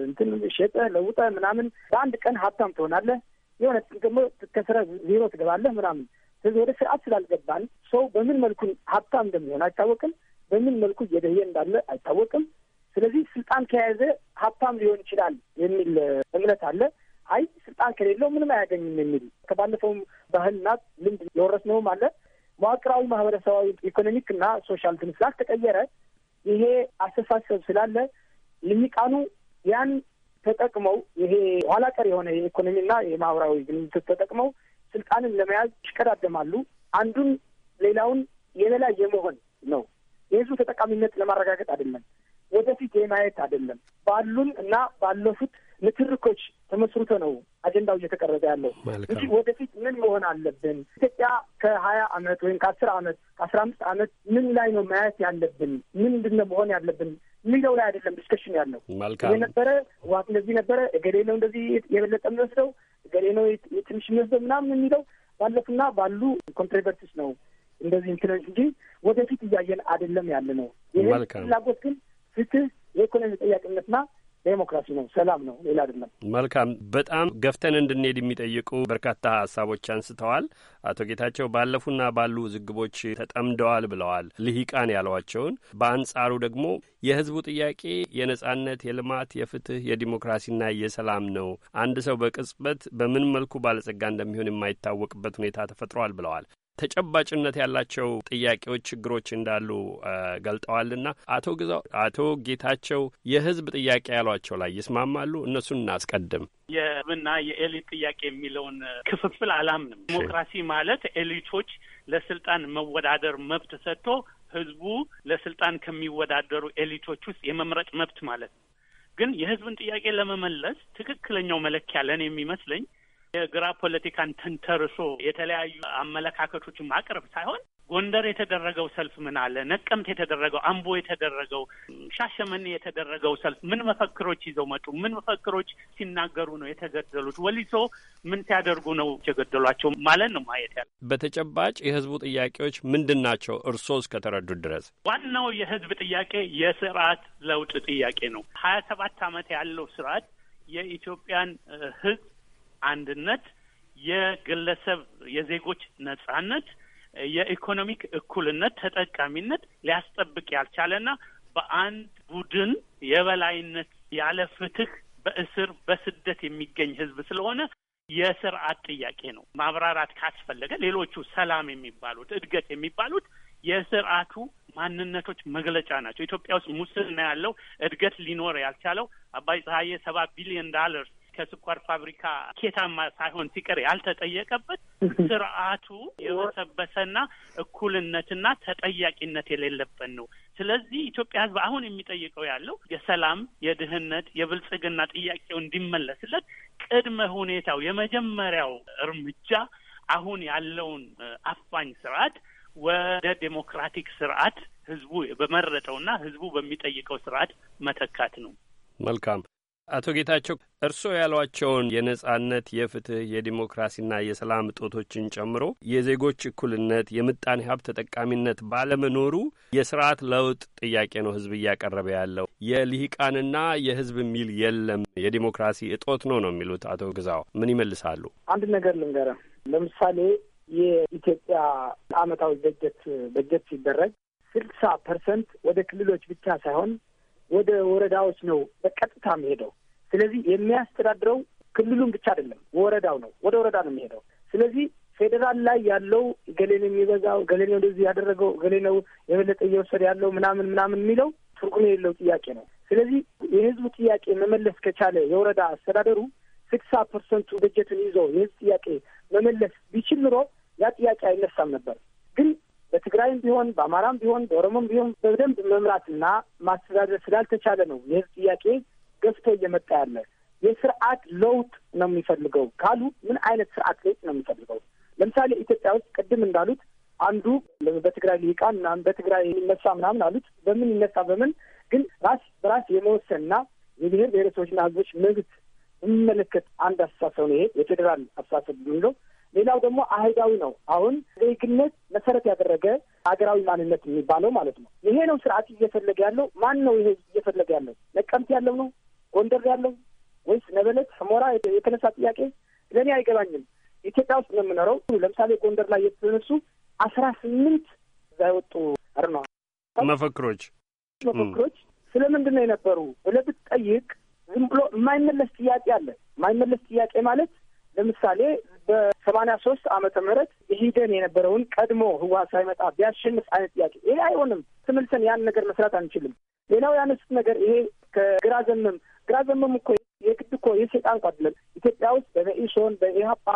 እንትን ሸጠ ለውጠ ምናምን በአንድ ቀን ሀብታም ትሆናለህ። የሆነ ደግሞ ከስረ ዜሮ ትገባለህ ምናምን። ስለዚህ ወደ ስርዓት ስላልገባን ሰው በምን መልኩ ሀብታም እንደሚሆን አይታወቅም። በምን መልኩ እየደየ እንዳለ አይታወቅም። ስለዚህ ስልጣን ከያዘ ሀብታም ሊሆን ይችላል የሚል እምነት አለ። አይ ስልጣን ከሌለው ምንም አያገኝም የሚል ከባለፈውም ባህልና ልምድ የወረስነውም አለ። መዋቅራዊ ማህበረሰባዊ ኢኮኖሚክ እና ሶሻል ግን ስላልተቀየረ ይሄ አስተሳሰብ ስላለ ልሂቃኑ ያን ተጠቅመው ይሄ ኋላ ቀር የሆነ የኢኮኖሚና የማህበራዊ ግንኙነት ተጠቅመው ስልጣንን ለመያዝ ይሽቀዳደማሉ። አንዱን ሌላውን የበላይ የመሆን ነው የህዝቡ ተጠቃሚነት ለማረጋገጥ አይደለም፣ ወደፊት የማየት አይደለም። ባሉን እና ባለፉት ንትርኮች ተመስርቶ ነው አጀንዳው እየተቀረጸ ያለው እንጂ ወደፊት ምን መሆን አለብን፣ ኢትዮጵያ ከሀያ አመት ወይም ከአስር አመት ከአስራ አምስት አመት ምን ላይ ነው ማየት ያለብን፣ ምንድን ነው መሆን ያለብን የሚለው ላይ አይደለም ዲስከሽን ያለው። የነበረ ዋት እንደዚህ ነበረ፣ እገሌ ነው እንደዚህ የበለጠ የሚወስደው፣ እገሌ ነው ትንሽ የሚወስደው ምናምን የሚለው ባለፉና ባሉ ኮንትሮቨርሲስ ነው እንደዚህ እንትለን እንጂ ወደፊት እያየን አይደለም ያለ ነው። ይህ ፍላጎት ግን ፍትህ፣ የኢኮኖሚ ጠያቂነትና ዴሞክራሲ ነው፣ ሰላም ነው፣ ሌላ አይደለም። መልካም። በጣም ገፍተን እንድንሄድ የሚጠይቁ በርካታ ሀሳቦች አንስተዋል አቶ ጌታቸው። ባለፉና ባሉ ውዝግቦች ተጠምደዋል ብለዋል ልሂቃን ያሏቸውን። በአንጻሩ ደግሞ የህዝቡ ጥያቄ የነጻነት፣ የልማት፣ የፍትህ፣ የዲሞክራሲና የሰላም ነው። አንድ ሰው በቅጽበት በምን መልኩ ባለጸጋ እንደሚሆን የማይታወቅበት ሁኔታ ተፈጥሯል ብለዋል። ተጨባጭነት ያላቸው ጥያቄዎች፣ ችግሮች እንዳሉ ገልጠዋልና አቶ ግዛው አቶ ጌታቸው የህዝብ ጥያቄ ያሏቸው ላይ ይስማማሉ? እነሱን እናስቀድም። የህዝብና የኤሊት ጥያቄ የሚለውን ክፍፍል አላምንም። ዲሞክራሲ ማለት ኤሊቶች ለስልጣን መወዳደር መብት ሰጥቶ ህዝቡ ለስልጣን ከሚወዳደሩ ኤሊቶች ውስጥ የመምረጥ መብት ማለት ነው። ግን የህዝብን ጥያቄ ለመመለስ ትክክለኛው መለኪያ ለእኔ የሚመስለኝ የግራ ፖለቲካን ተንተርሶ የተለያዩ አመለካከቶችን ማቅረብ ሳይሆን ጎንደር የተደረገው ሰልፍ ምን አለ፣ ነቀምት የተደረገው፣ አምቦ የተደረገው፣ ሻሸመኔ የተደረገው ሰልፍ ምን መፈክሮች ይዘው መጡ፣ ምን መፈክሮች ሲናገሩ ነው የተገደሉት፣ ወሊሶ ምን ሲያደርጉ ነው የገደሏቸው ማለት ነው ማየት ያለ። በተጨባጭ የህዝቡ ጥያቄዎች ምንድን ናቸው? እርስዎ እስከተረዱት ድረስ ዋናው የህዝብ ጥያቄ የስርዓት ለውጥ ጥያቄ ነው። ሀያ ሰባት አመት ያለው ስርዓት የኢትዮጵያን ህዝብ አንድነት፣ የግለሰብ የዜጎች ነጻነት፣ የኢኮኖሚክ እኩልነት፣ ተጠቃሚነት ሊያስጠብቅ ያልቻለና በአንድ ቡድን የበላይነት ያለ ፍትህ በእስር በስደት የሚገኝ ህዝብ ስለሆነ የስርዓት ጥያቄ ነው። ማብራራት ካስፈለገ ሌሎቹ ሰላም የሚባሉት እድገት የሚባሉት የስርዓቱ ማንነቶች መግለጫ ናቸው። ኢትዮጵያ ውስጥ ሙስና ያለው እድገት ሊኖር ያልቻለው አባይ ፀሐዬ ሰባ ቢሊዮን ዳለርስ ከስኳር ፋብሪካ ኬታማ ሳይሆን ሲቀር ያልተጠየቀበት ስርዓቱ የበሰበሰና እኩልነትና ተጠያቂነት የሌለበት ነው። ስለዚህ ኢትዮጵያ ሕዝብ አሁን የሚጠይቀው ያለው የሰላም፣ የድህነት፣ የብልጽግና ጥያቄው እንዲመለስለት ቅድመ ሁኔታው የመጀመሪያው እርምጃ አሁን ያለውን አፋኝ ስርዓት ወደ ዴሞክራቲክ ስርዓት ህዝቡ በመረጠውና ህዝቡ በሚጠይቀው ስርዓት መተካት ነው። መልካም። አቶ ጌታቸው እርስዎ ያሏቸውን የነጻነት፣ የፍትህ፣ የዲሞክራሲና የሰላም እጦቶችን ጨምሮ የዜጎች እኩልነት፣ የምጣኔ ሀብት ተጠቃሚነት ባለመኖሩ የስርዓት ለውጥ ጥያቄ ነው ህዝብ እያቀረበ ያለው የልሂቃንና የህዝብ የሚል የለም የዲሞክራሲ እጦት ነው ነው የሚሉት አቶ ግዛው ምን ይመልሳሉ? አንድ ነገር ልንገረ ለምሳሌ የኢትዮጵያ አመታዊ በጀት በጀት ሲደረግ ስልሳ ፐርሰንት ወደ ክልሎች ብቻ ሳይሆን ወደ ወረዳዎች ነው በቀጥታ የሚሄደው። ስለዚህ የሚያስተዳድረው ክልሉን ብቻ አይደለም፣ ወረዳው ነው፣ ወደ ወረዳ ነው የሚሄደው። ስለዚህ ፌዴራል ላይ ያለው ገሌ ነው የሚበዛው፣ ገሌ ነው እንደዚህ ያደረገው፣ ገሌ ነው የበለጠ እየወሰደ ያለው ምናምን ምናምን የሚለው ትርጉም የሌለው ጥያቄ ነው። ስለዚህ የህዝቡ ጥያቄ መመለስ ከቻለ የወረዳ አስተዳደሩ ስልሳ ፐርሰንቱ በጀቱን ይዞ የህዝብ ጥያቄ መመለስ ቢችል ኑሮ ያ ጥያቄ አይነሳም ነበር ግን በትግራይም ቢሆን በአማራም ቢሆን በኦሮሞም ቢሆን በደንብ መምራትና ማስተዳደር ስላልተቻለ ነው የህዝብ ጥያቄ ገፍቶ እየመጣ ያለ። የስርዓት ለውጥ ነው የሚፈልገው ካሉ ምን አይነት ስርዓት ለውጥ ነው የሚፈልገው? ለምሳሌ ኢትዮጵያ ውስጥ ቅድም እንዳሉት አንዱ በትግራይ ሊቃን ምናምን በትግራይ የሚነሳ ምናምን አሉት። በምን ይነሳ በምን ግን ራስ በራስ የመወሰንና የብሔር ብሔረሰቦችና ህዝቦች መብት የሚመለከት አንድ አስተሳሰብ ነው። ይሄ የፌዴራል አስተሳሰብ የምንለው ሌላው ደግሞ አህዳዊ ነው። አሁን ዜግነት መሰረት ያደረገ ሀገራዊ ማንነት የሚባለው ማለት ነው። ይሄ ነው ስርዓት እየፈለገ ያለው። ማን ነው ይሄ እየፈለገ ያለው? ነቀምት ያለው ነው? ጎንደር ያለው ወይስ ነበለት፣ ሞራ የተነሳ ጥያቄ ለእኔ አይገባኝም። ኢትዮጵያ ውስጥ ነው የምኖረው። ለምሳሌ ጎንደር ላይ የተነሱ አስራ ስምንት እዛ የወጡ መፈክሮች መፈክሮች ስለምንድን ነው የነበሩ ብለህ ብትጠይቅ ዝም ብሎ የማይመለስ ጥያቄ አለ። የማይመለስ ጥያቄ ማለት ለምሳሌ በሰማኒያ ሶስት ዓመተ ምህረት ኢህዴን የነበረውን ቀድሞ ህወሓት ሳይመጣ ቢያሸንፍ አይነት ጥያቄ ይሄ አይሆንም። ተመልሰን ያን ነገር መስራት አንችልም። ሌላው ያነሱት ነገር ይሄ ከግራ ዘመም ግራ ዘመም እኮ የግድ እኮ የሴጣን ቋድለን ኢትዮጵያ ውስጥ በመኢሶን በኢሀፓ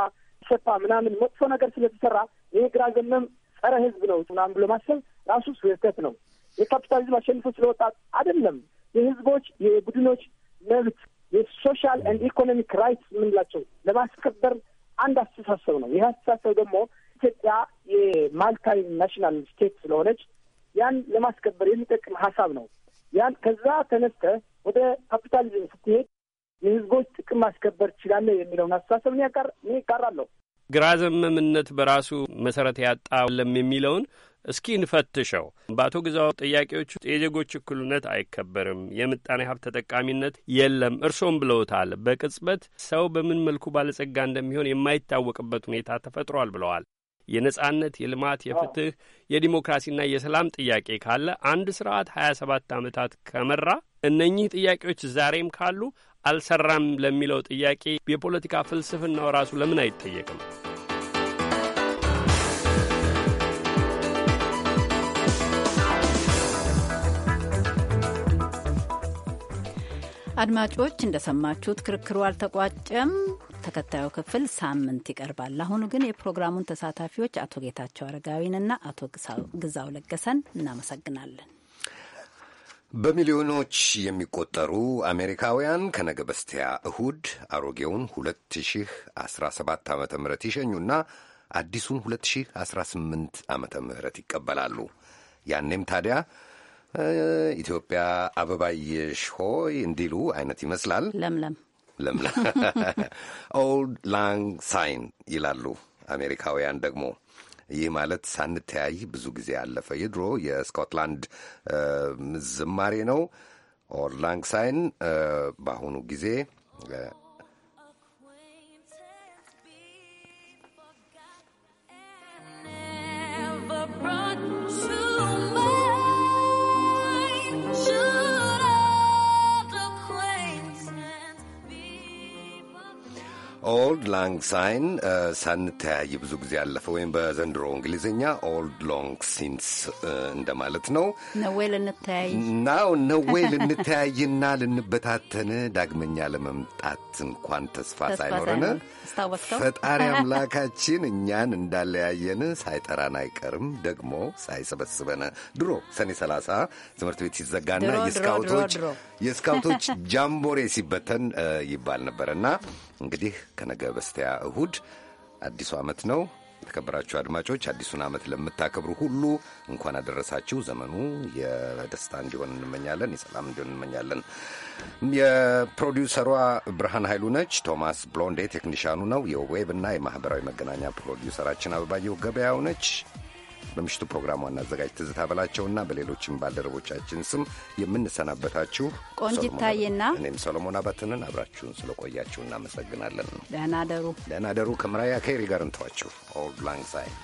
ሰፋ ምናምን መጥፎ ነገር ስለተሰራ ይሄ ግራ ዘመም ጸረ ህዝብ ነው ምናምን ብሎ ማሰብ ራሱ ስህተት ነው። የካፒታሊዝም አሸንፎ ስለወጣ አይደለም። የህዝቦች የቡድኖች መብት የሶሻል ኤንድ ኢኮኖሚክ ራይትስ የምንላቸው ለማስከበር አንድ አስተሳሰብ ነው። ይህ አስተሳሰብ ደግሞ ኢትዮጵያ የማልታዊ ናሽናል ስቴት ስለሆነች ያን ለማስከበር የሚጠቅም ሀሳብ ነው። ያን ከዛ ተነስተ ወደ ካፒታሊዝም ስትሄድ የህዝቦች ጥቅም ማስከበር ትችላለህ የሚለውን አስተሳሰብ እኔ እቃራለሁ። ግራ ዘመምነት በራሱ መሰረት ያጣለም የሚለውን እስኪ እንፈትሸው። በአቶ ግዛው ጥያቄዎች የዜጎች እኩልነት አይከበርም፣ የምጣኔ ሀብት ተጠቃሚነት የለም። እርሶም ብለውታል፣ በቅጽበት ሰው በምን መልኩ ባለጸጋ እንደሚሆን የማይታወቅበት ሁኔታ ተፈጥሯል ብለዋል። የነጻነት፣ የልማት፣ የፍትህ፣ የዲሞክራሲና የሰላም ጥያቄ ካለ አንድ ስርዓት ሀያ ሰባት ዓመታት ከመራ እነኚህ ጥያቄዎች ዛሬም ካሉ አልሰራም ለሚለው ጥያቄ የፖለቲካ ፍልስፍናው ራሱ ለምን አይጠየቅም? አድማጮች እንደሰማችሁት ክርክሩ አልተቋጨም። ተከታዩ ክፍል ሳምንት ይቀርባል። አሁኑ ግን የፕሮግራሙን ተሳታፊዎች አቶ ጌታቸው አረጋዊንና አቶ ግዛው ለገሰን እናመሰግናለን። በሚሊዮኖች የሚቆጠሩ አሜሪካውያን ከነገ በስቲያ እሁድ አሮጌውን 2017 ዓ ም ይሸኙና አዲሱን 2018 ዓ ም ይቀበላሉ። ያኔም ታዲያ ኢትዮጵያ አበባየሽ ሆይ እንዲሉ አይነት ይመስላል። ለምለም ለምለም ኦልድ ላንግ ሳይን ይላሉ አሜሪካውያን ደግሞ ይህ ማለት ሳንተያይ ብዙ ጊዜ ያለፈ የድሮ የስኮትላንድ ዝማሬ ነው። ኦልድ ላንግ ሳይን በአሁኑ ጊዜ ኦልድ ሳይን ሳንተያይ ብዙ ጊዜ ያለፈ ወይም በዘንድሮ እንግሊዝኛ ኦልድ ሎንግ ሲንስ እንደማለት ነው። ናው ነዌ ልንተያይና ልንበታተን ዳግመኛ ለመምጣት እንኳን ተስፋ ሳይኖረን ፈጣሪ *laughs* አምላካችን እኛን እንዳለያየን ሳይጠራን አይቀርም፣ ደግሞ ሳይሰበስበን ድሮ ሰኔ 30 ትምህርት ቤት ሲዘጋና የስካውቶች የስካውቶች ጃምቦሬ ሲበተን ይባል ነበርና እንግዲህ ከነገ በስቲያ እሁድ አዲሱ ዓመት ነው። የተከበራችሁ አድማጮች አዲሱን ዓመት ለምታከብሩ ሁሉ እንኳን አደረሳችሁ። ዘመኑ የደስታ እንዲሆን እንመኛለን፣ የሰላም እንዲሆን እንመኛለን። የፕሮዲውሰሯ ብርሃን ኃይሉ ነች። ቶማስ ብሎንዴ ቴክኒሻኑ ነው። የዌብ እና የማኅበራዊ መገናኛ ፕሮዲውሰራችን አበባየሁ ገበያው ነች። በምሽቱ ፕሮግራም ዋና አዘጋጅ ትዝታ በላቸውና በሌሎችም ባልደረቦቻችን ስም የምንሰናበታችሁ ቆንጅታዬና እኔም ሰሎሞን አባትንን አብራችሁን ስለቆያችሁ እናመሰግናለን። ደህና ደሩ ደህና ደሩ። ከምራያ ከይሪ ጋር እንተዋችሁ ኦልድ ላንግ ሳይድ